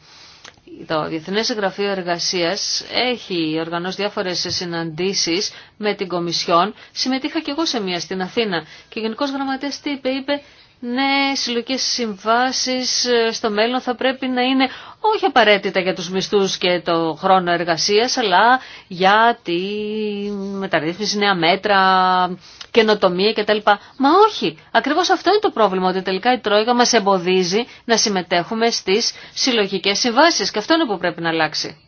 Το Διεθνέ Γραφείο Εργασία έχει οργανώσει διάφορες συναντήσει με την Κομισιόν. Συμμετείχα και εγώ σε μία στην Αθήνα και ο Γενικό Γραμματέας τι είπε, είπε ναι, συλλογικές συμβάσεις ε, στο μέλλον θα πρέπει να είναι όχι απαραίτητα για τους μισθούς και το χρόνο εργασίας, αλλά για τη μεταρρύθμιση, νέα μέτρα, καινοτομία κτλ. Μα όχι, ακριβώς αυτό είναι το πρόβλημα, ότι τελικά η Τρόικα μας εμποδίζει να συμμετέχουμε στις συλλογικές συμβάσεις και αυτό είναι που πρέπει να αλλάξει.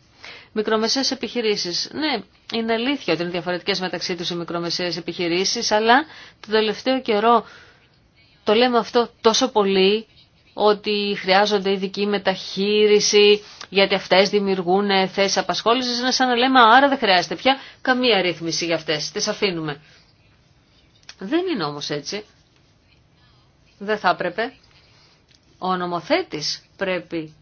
Μικρομεσαίες επιχειρήσεις. Ναι, είναι αλήθεια ότι είναι διαφορετικές μεταξύ τους οι μικρομεσαίες επιχειρήσεις, αλλά το τελευταίο καιρό το λέμε αυτό τόσο πολύ ότι χρειάζονται ειδική μεταχείριση γιατί αυτές δημιουργούν θέσεις απασχόλησης. Είναι σαν να λέμε άρα δεν χρειάζεται πια καμία ρύθμιση για αυτές. Τις αφήνουμε. Δεν είναι όμως έτσι. Δεν θα έπρεπε. Ο νομοθέτης πρέπει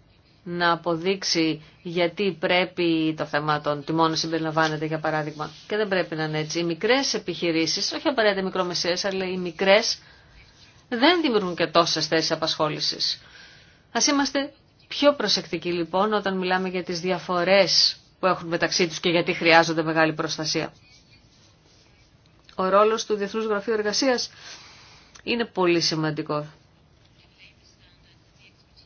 να αποδείξει γιατί πρέπει το θέμα των τιμών να συμπεριλαμβάνεται για παράδειγμα. Και δεν πρέπει να είναι έτσι. Οι μικρές επιχειρήσεις, όχι απαραίτητα μικρομεσαίες, αλλά οι μικρές δεν δημιουργούν και τόσε θέσει απασχόλησης. Α είμαστε πιο προσεκτικοί λοιπόν όταν μιλάμε για τι διαφορές που έχουν μεταξύ του και γιατί χρειάζονται μεγάλη προστασία. Ο ρόλο του Διεθνούς Γραφείου εργασία είναι πολύ σημαντικό.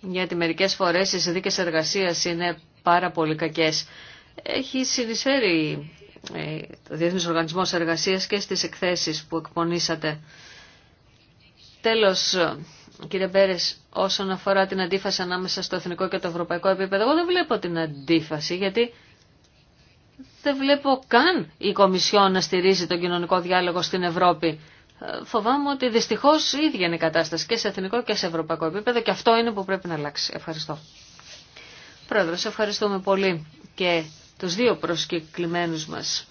Γιατί μερικέ φορέ οι συνδίκες εργασία είναι πάρα πολύ κακέ. Έχει συνεισφέρει ε, το Διεθνής Οργανισμός Εργασίας και στις εκθέσει που εκπονήσατε. Τέλος, κύριε Πέρες, όσον αφορά την αντίφαση ανάμεσα στο εθνικό και το ευρωπαϊκό επίπεδο, εγώ δεν βλέπω την αντίφαση, γιατί δεν βλέπω καν η Κομισιόν να στηρίζει τον κοινωνικό διάλογο στην Ευρώπη. Ε, φοβάμαι ότι δυστυχώς η ίδια είναι η κατάσταση και σε εθνικό και σε ευρωπαϊκό επίπεδο και αυτό είναι που πρέπει να αλλάξει. Ευχαριστώ. Πρόεδρος, ευχαριστούμε πολύ και τους δύο προσκεκλημένους μας.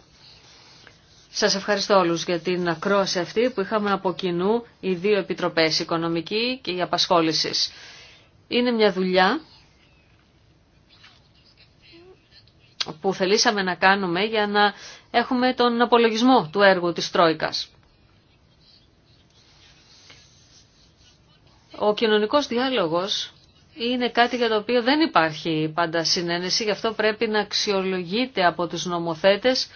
Σας ευχαριστώ όλους για την ακρόαση αυτή που είχαμε από κοινού οι δύο επιτροπές, οικονομική και η απασχόλησης. Είναι μια δουλειά που θελήσαμε να κάνουμε για να έχουμε τον απολογισμό του έργου της Τρόικας. Ο κοινωνικός διάλογος είναι κάτι για το οποίο δεν υπάρχει πάντα συνένεση, γι' αυτό πρέπει να αξιολογείται από τους νομοθέτες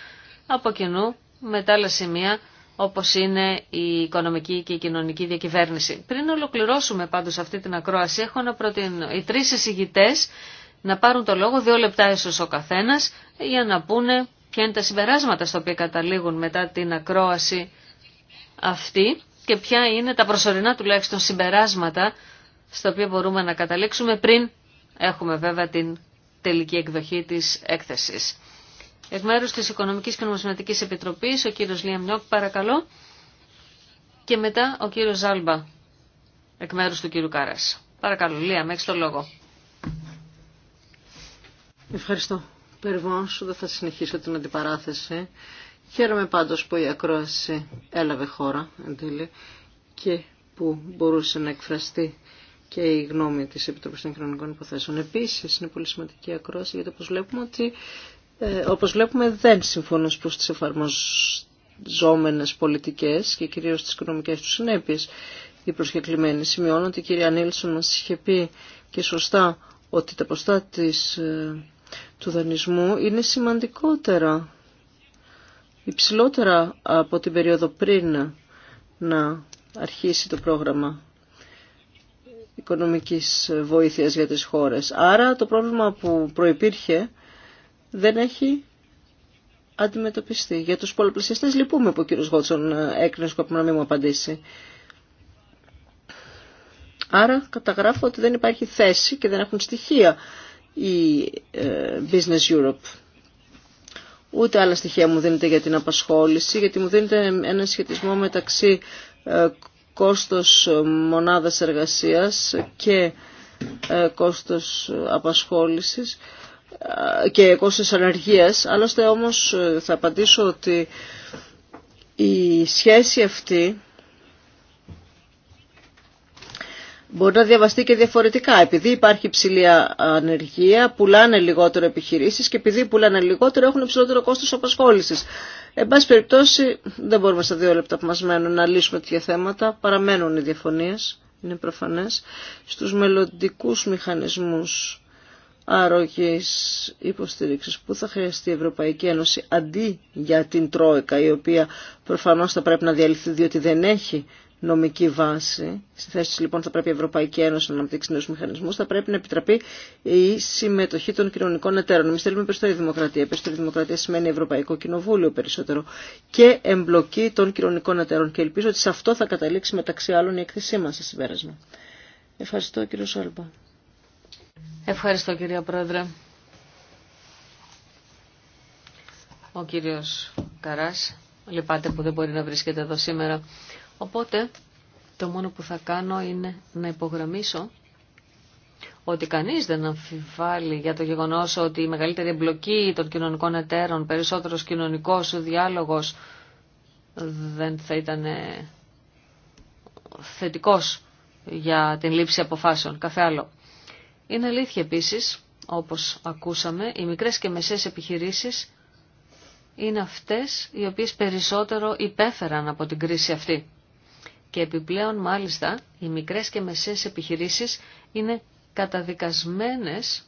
από κοινού με τα άλλα σημεία όπως είναι η οικονομική και η κοινωνική διακυβέρνηση. Πριν ολοκληρώσουμε πάντως αυτή την ακρόαση, έχω να προτείνω οι τρεις εισηγητές να πάρουν το λόγο, δύο λεπτά ίσως ο καθένας, για να πούνε ποια είναι τα συμπεράσματα στα οποία καταλήγουν μετά την ακρόαση αυτή και ποια είναι τα προσωρινά τουλάχιστον συμπεράσματα στα οποία μπορούμε να καταλήξουμε πριν έχουμε βέβαια την τελική εκδοχή της έκθεσης. Εκ μέρου τη Οικονομική και Νομισματικής Επιτροπή, ο κύριος Λιαμνιόκ, παρακαλώ. Και μετά ο κύριο Ζάλμπα, εκ μέρου του κύριου Κάρας. Παρακαλώ, Λία, μέχρι το λόγο. Ευχαριστώ. σου, δεν θα συνεχίσω την αντιπαράθεση. Χαίρομαι πάντως που η ακρόαση έλαβε χώρα, εν τέλει, και που μπορούσε να εκφραστεί και η γνώμη της Επιτροπής των Κοινωνικών Υποθέσεων. Επίσης, είναι πολύ σημαντική η ακρόαση, γιατί όπω βλέπουμε ότι ε, όπως βλέπουμε δεν συμφωνούν προς τις εφαρμοζόμενες πολιτικές και κυρίως τις οικονομικές του συνέπειες οι προσκεκλημένοι. Σημειώνω ότι η κυρία Νίλσον μας είχε πει και σωστά ότι τα ποστά της, ε, του δανεισμού είναι σημαντικότερα, υψηλότερα από την περίοδο πριν να αρχίσει το πρόγραμμα οικονομικής βοήθειας για τις χώρες. Άρα το πρόβλημα που προϋπήρχε δεν έχει αντιμετωπιστεί. Για τους πολλαπλασιαστές λυπούμε που ο κύριος Γότσον ε, έκρινε σκοπό να μην μου απαντήσει. Άρα καταγράφω ότι δεν υπάρχει θέση και δεν έχουν στοιχεία η ε, Business Europe. Ούτε άλλα στοιχεία μου δίνεται για την απασχόληση, γιατί μου δίνεται ένα σχετισμό μεταξύ ε, κόστος μονάδας εργασίας και κόστος απασχόλησης ε, και κόστος ανεργίας. Άλλωστε όμως ε, θα απαντήσω ότι η σχέση αυτή μπορεί να διαβαστεί και διαφορετικά. Επειδή υπάρχει ψηλή ανεργία, πουλάνε λιγότερο επιχειρήσεις και επειδή πουλάνε λιγότερο έχουν υψηλότερο κόστος απασχόλησης. Εν πάση περιπτώσει, δεν μπορούμε στα δύο λεπτά που μας μένουν να λύσουμε τέτοια θέματα. Παραμένουν οι διαφωνίες, είναι προφανές, στους μελλοντικού μηχανισμούς αρρωγής υποστηρίξης που θα χρειαστεί η Ευρωπαϊκή Ένωση αντί για την Τρόικα η οποία προφανώς θα πρέπει να διαλυθεί διότι δεν έχει νομική βάση. Στη θέση της λοιπόν θα πρέπει η Ευρωπαϊκή Ένωση να αναπτύξει νέους μηχανισμούς, θα πρέπει να επιτραπεί η συμμετοχή των κοινωνικών εταίρων. Εμείς θέλουμε περισσότερη δημοκρατία. Περισσότερη δημοκρατία σημαίνει Ευρωπαϊκό Κοινοβούλιο περισσότερο και εμπλοκή των κοινωνικών εταίρων και ελπίζω ότι σε αυτό θα καταλήξει μεταξύ άλλων η έκθεσή μας σε συμπέρασμα. Ευχαριστώ κύριο Σόλμπα. Ευχαριστώ κυρία Πρόεδρε. Ο κύριος Καράς λυπάται που δεν μπορεί να βρίσκεται εδώ σήμερα. Οπότε το μόνο που θα κάνω είναι να υπογραμμίσω ότι κανείς δεν αμφιβάλλει για το γεγονός ότι η μεγαλύτερη εμπλοκή των κοινωνικών εταίρων, περισσότερος κοινωνικός διάλογος δεν θα ήταν ε, θετικός για την λήψη αποφάσεων. Κάθε άλλο. Είναι αλήθεια επίσης, όπως ακούσαμε, οι μικρές και μεσές επιχειρήσεις είναι αυτές οι οποίες περισσότερο υπέφεραν από την κρίση αυτή. Και επιπλέον μάλιστα οι μικρές και μεσές επιχειρήσεις είναι καταδικασμένες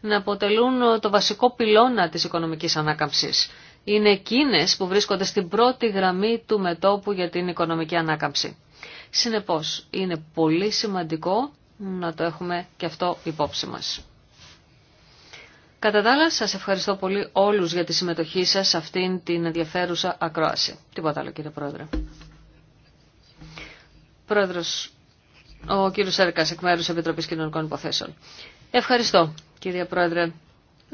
να αποτελούν το βασικό πυλώνα της οικονομικής ανάκαμψης. Είναι εκείνες που βρίσκονται στην πρώτη γραμμή του μετόπου για την οικονομική ανάκαμψη. Συνεπώς, είναι πολύ σημαντικό να το έχουμε και αυτό υπόψη μας. Κατά τα άλλα, σας ευχαριστώ πολύ όλους για τη συμμετοχή σας σε αυτήν την ενδιαφέρουσα ακρόαση. Τίποτα άλλο κύριε Πρόεδρε. Πρόεδρος, ο κύριος Σέρκας, εκ μέρους Επιτροπής Κοινωνικών Υποθέσεων. Ευχαριστώ κύριε Πρόεδρε.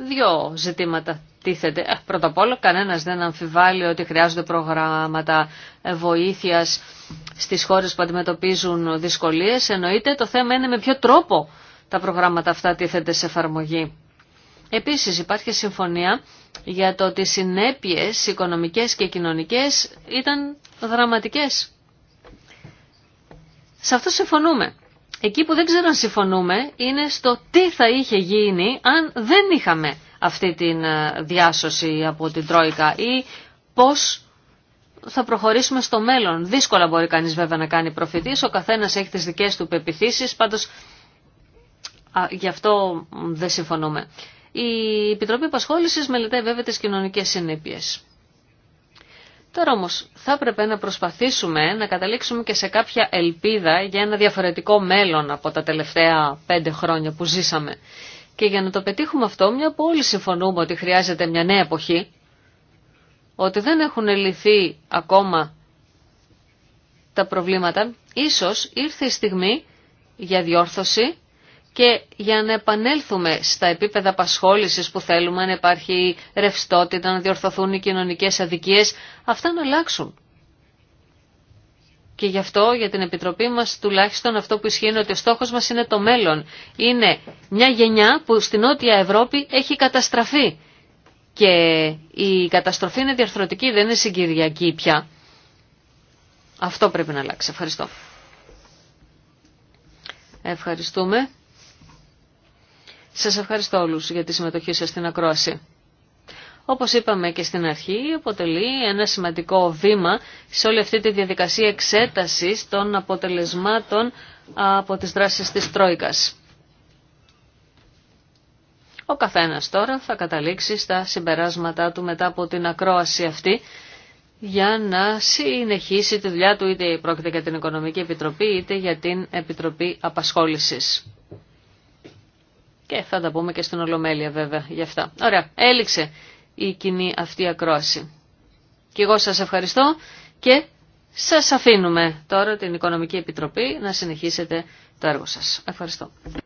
Δύο ζητήματα ε, Πρώτα απ' κανένας δεν αμφιβάλλει ότι χρειάζονται προγράμματα βοήθειας στις χώρες που αντιμετωπίζουν δυσκολίες. Εννοείται το θέμα είναι με ποιο τρόπο τα προγράμματα αυτά τίθενται σε εφαρμογή. Επίσης υπάρχει συμφωνία για το ότι οι συνέπειες οικονομικές και κοινωνικές ήταν δραματικές. Σε αυτό συμφωνούμε. Εκεί που δεν ξέρω αν συμφωνούμε είναι στο τι θα είχε γίνει αν δεν είχαμε αυτή την ε, διάσωση από την Τρόικα ή πώς θα προχωρήσουμε στο μέλλον. Δύσκολα μπορεί κανείς βέβαια να κάνει προφητής, ο καθένας έχει τις δικές του πεπιθήσεις, πάντως γι' αυτό δεν συμφωνούμε. Η Επιτροπή πασχολησης μελετάει βέβαια τις κοινωνικές συνέπειες. Τώρα όμως θα έπρεπε να προσπαθήσουμε να καταλήξουμε και σε κάποια ελπίδα για ένα διαφορετικό μέλλον από τα τελευταία πέντε χρόνια που ζήσαμε. Και για να το πετύχουμε αυτό, μια που όλοι συμφωνούμε ότι χρειάζεται μια νέα εποχή, ότι δεν έχουν λυθεί ακόμα τα προβλήματα, ίσως ήρθε η στιγμή για διόρθωση και για να επανέλθουμε στα επίπεδα απασχόλησης που θέλουμε, να υπάρχει ρευστότητα, να διορθωθούν οι κοινωνικές αδικίες, αυτά να αλλάξουν. Και γι' αυτό για την Επιτροπή μας τουλάχιστον αυτό που ισχύει είναι ότι ο στόχος μας είναι το μέλλον. Είναι μια γενιά που στην Νότια Ευρώπη έχει καταστραφεί. Και η καταστροφή είναι διαρθρωτική, δεν είναι συγκυριακή πια. Αυτό πρέπει να αλλάξει. Ευχαριστώ. Ευχαριστούμε. Σας ευχαριστώ όλους για τη συμμετοχή σας στην ακρόαση όπως είπαμε και στην αρχή, αποτελεί ένα σημαντικό βήμα σε όλη αυτή τη διαδικασία εξέτασης των αποτελεσμάτων από τις δράσεις της Τρόικας. Ο καθένας τώρα θα καταλήξει στα συμπεράσματά του μετά από την ακρόαση αυτή για να συνεχίσει τη δουλειά του είτε πρόκειται για την Οικονομική Επιτροπή είτε για την Επιτροπή Απασχόλησης. Και θα τα πούμε και στην Ολομέλεια βέβαια γι' αυτά. Ωραία, έληξε η κοινή αυτή ακρόαση. Και εγώ σας ευχαριστώ και σας αφήνουμε τώρα την Οικονομική Επιτροπή να συνεχίσετε το έργο σας. Ευχαριστώ.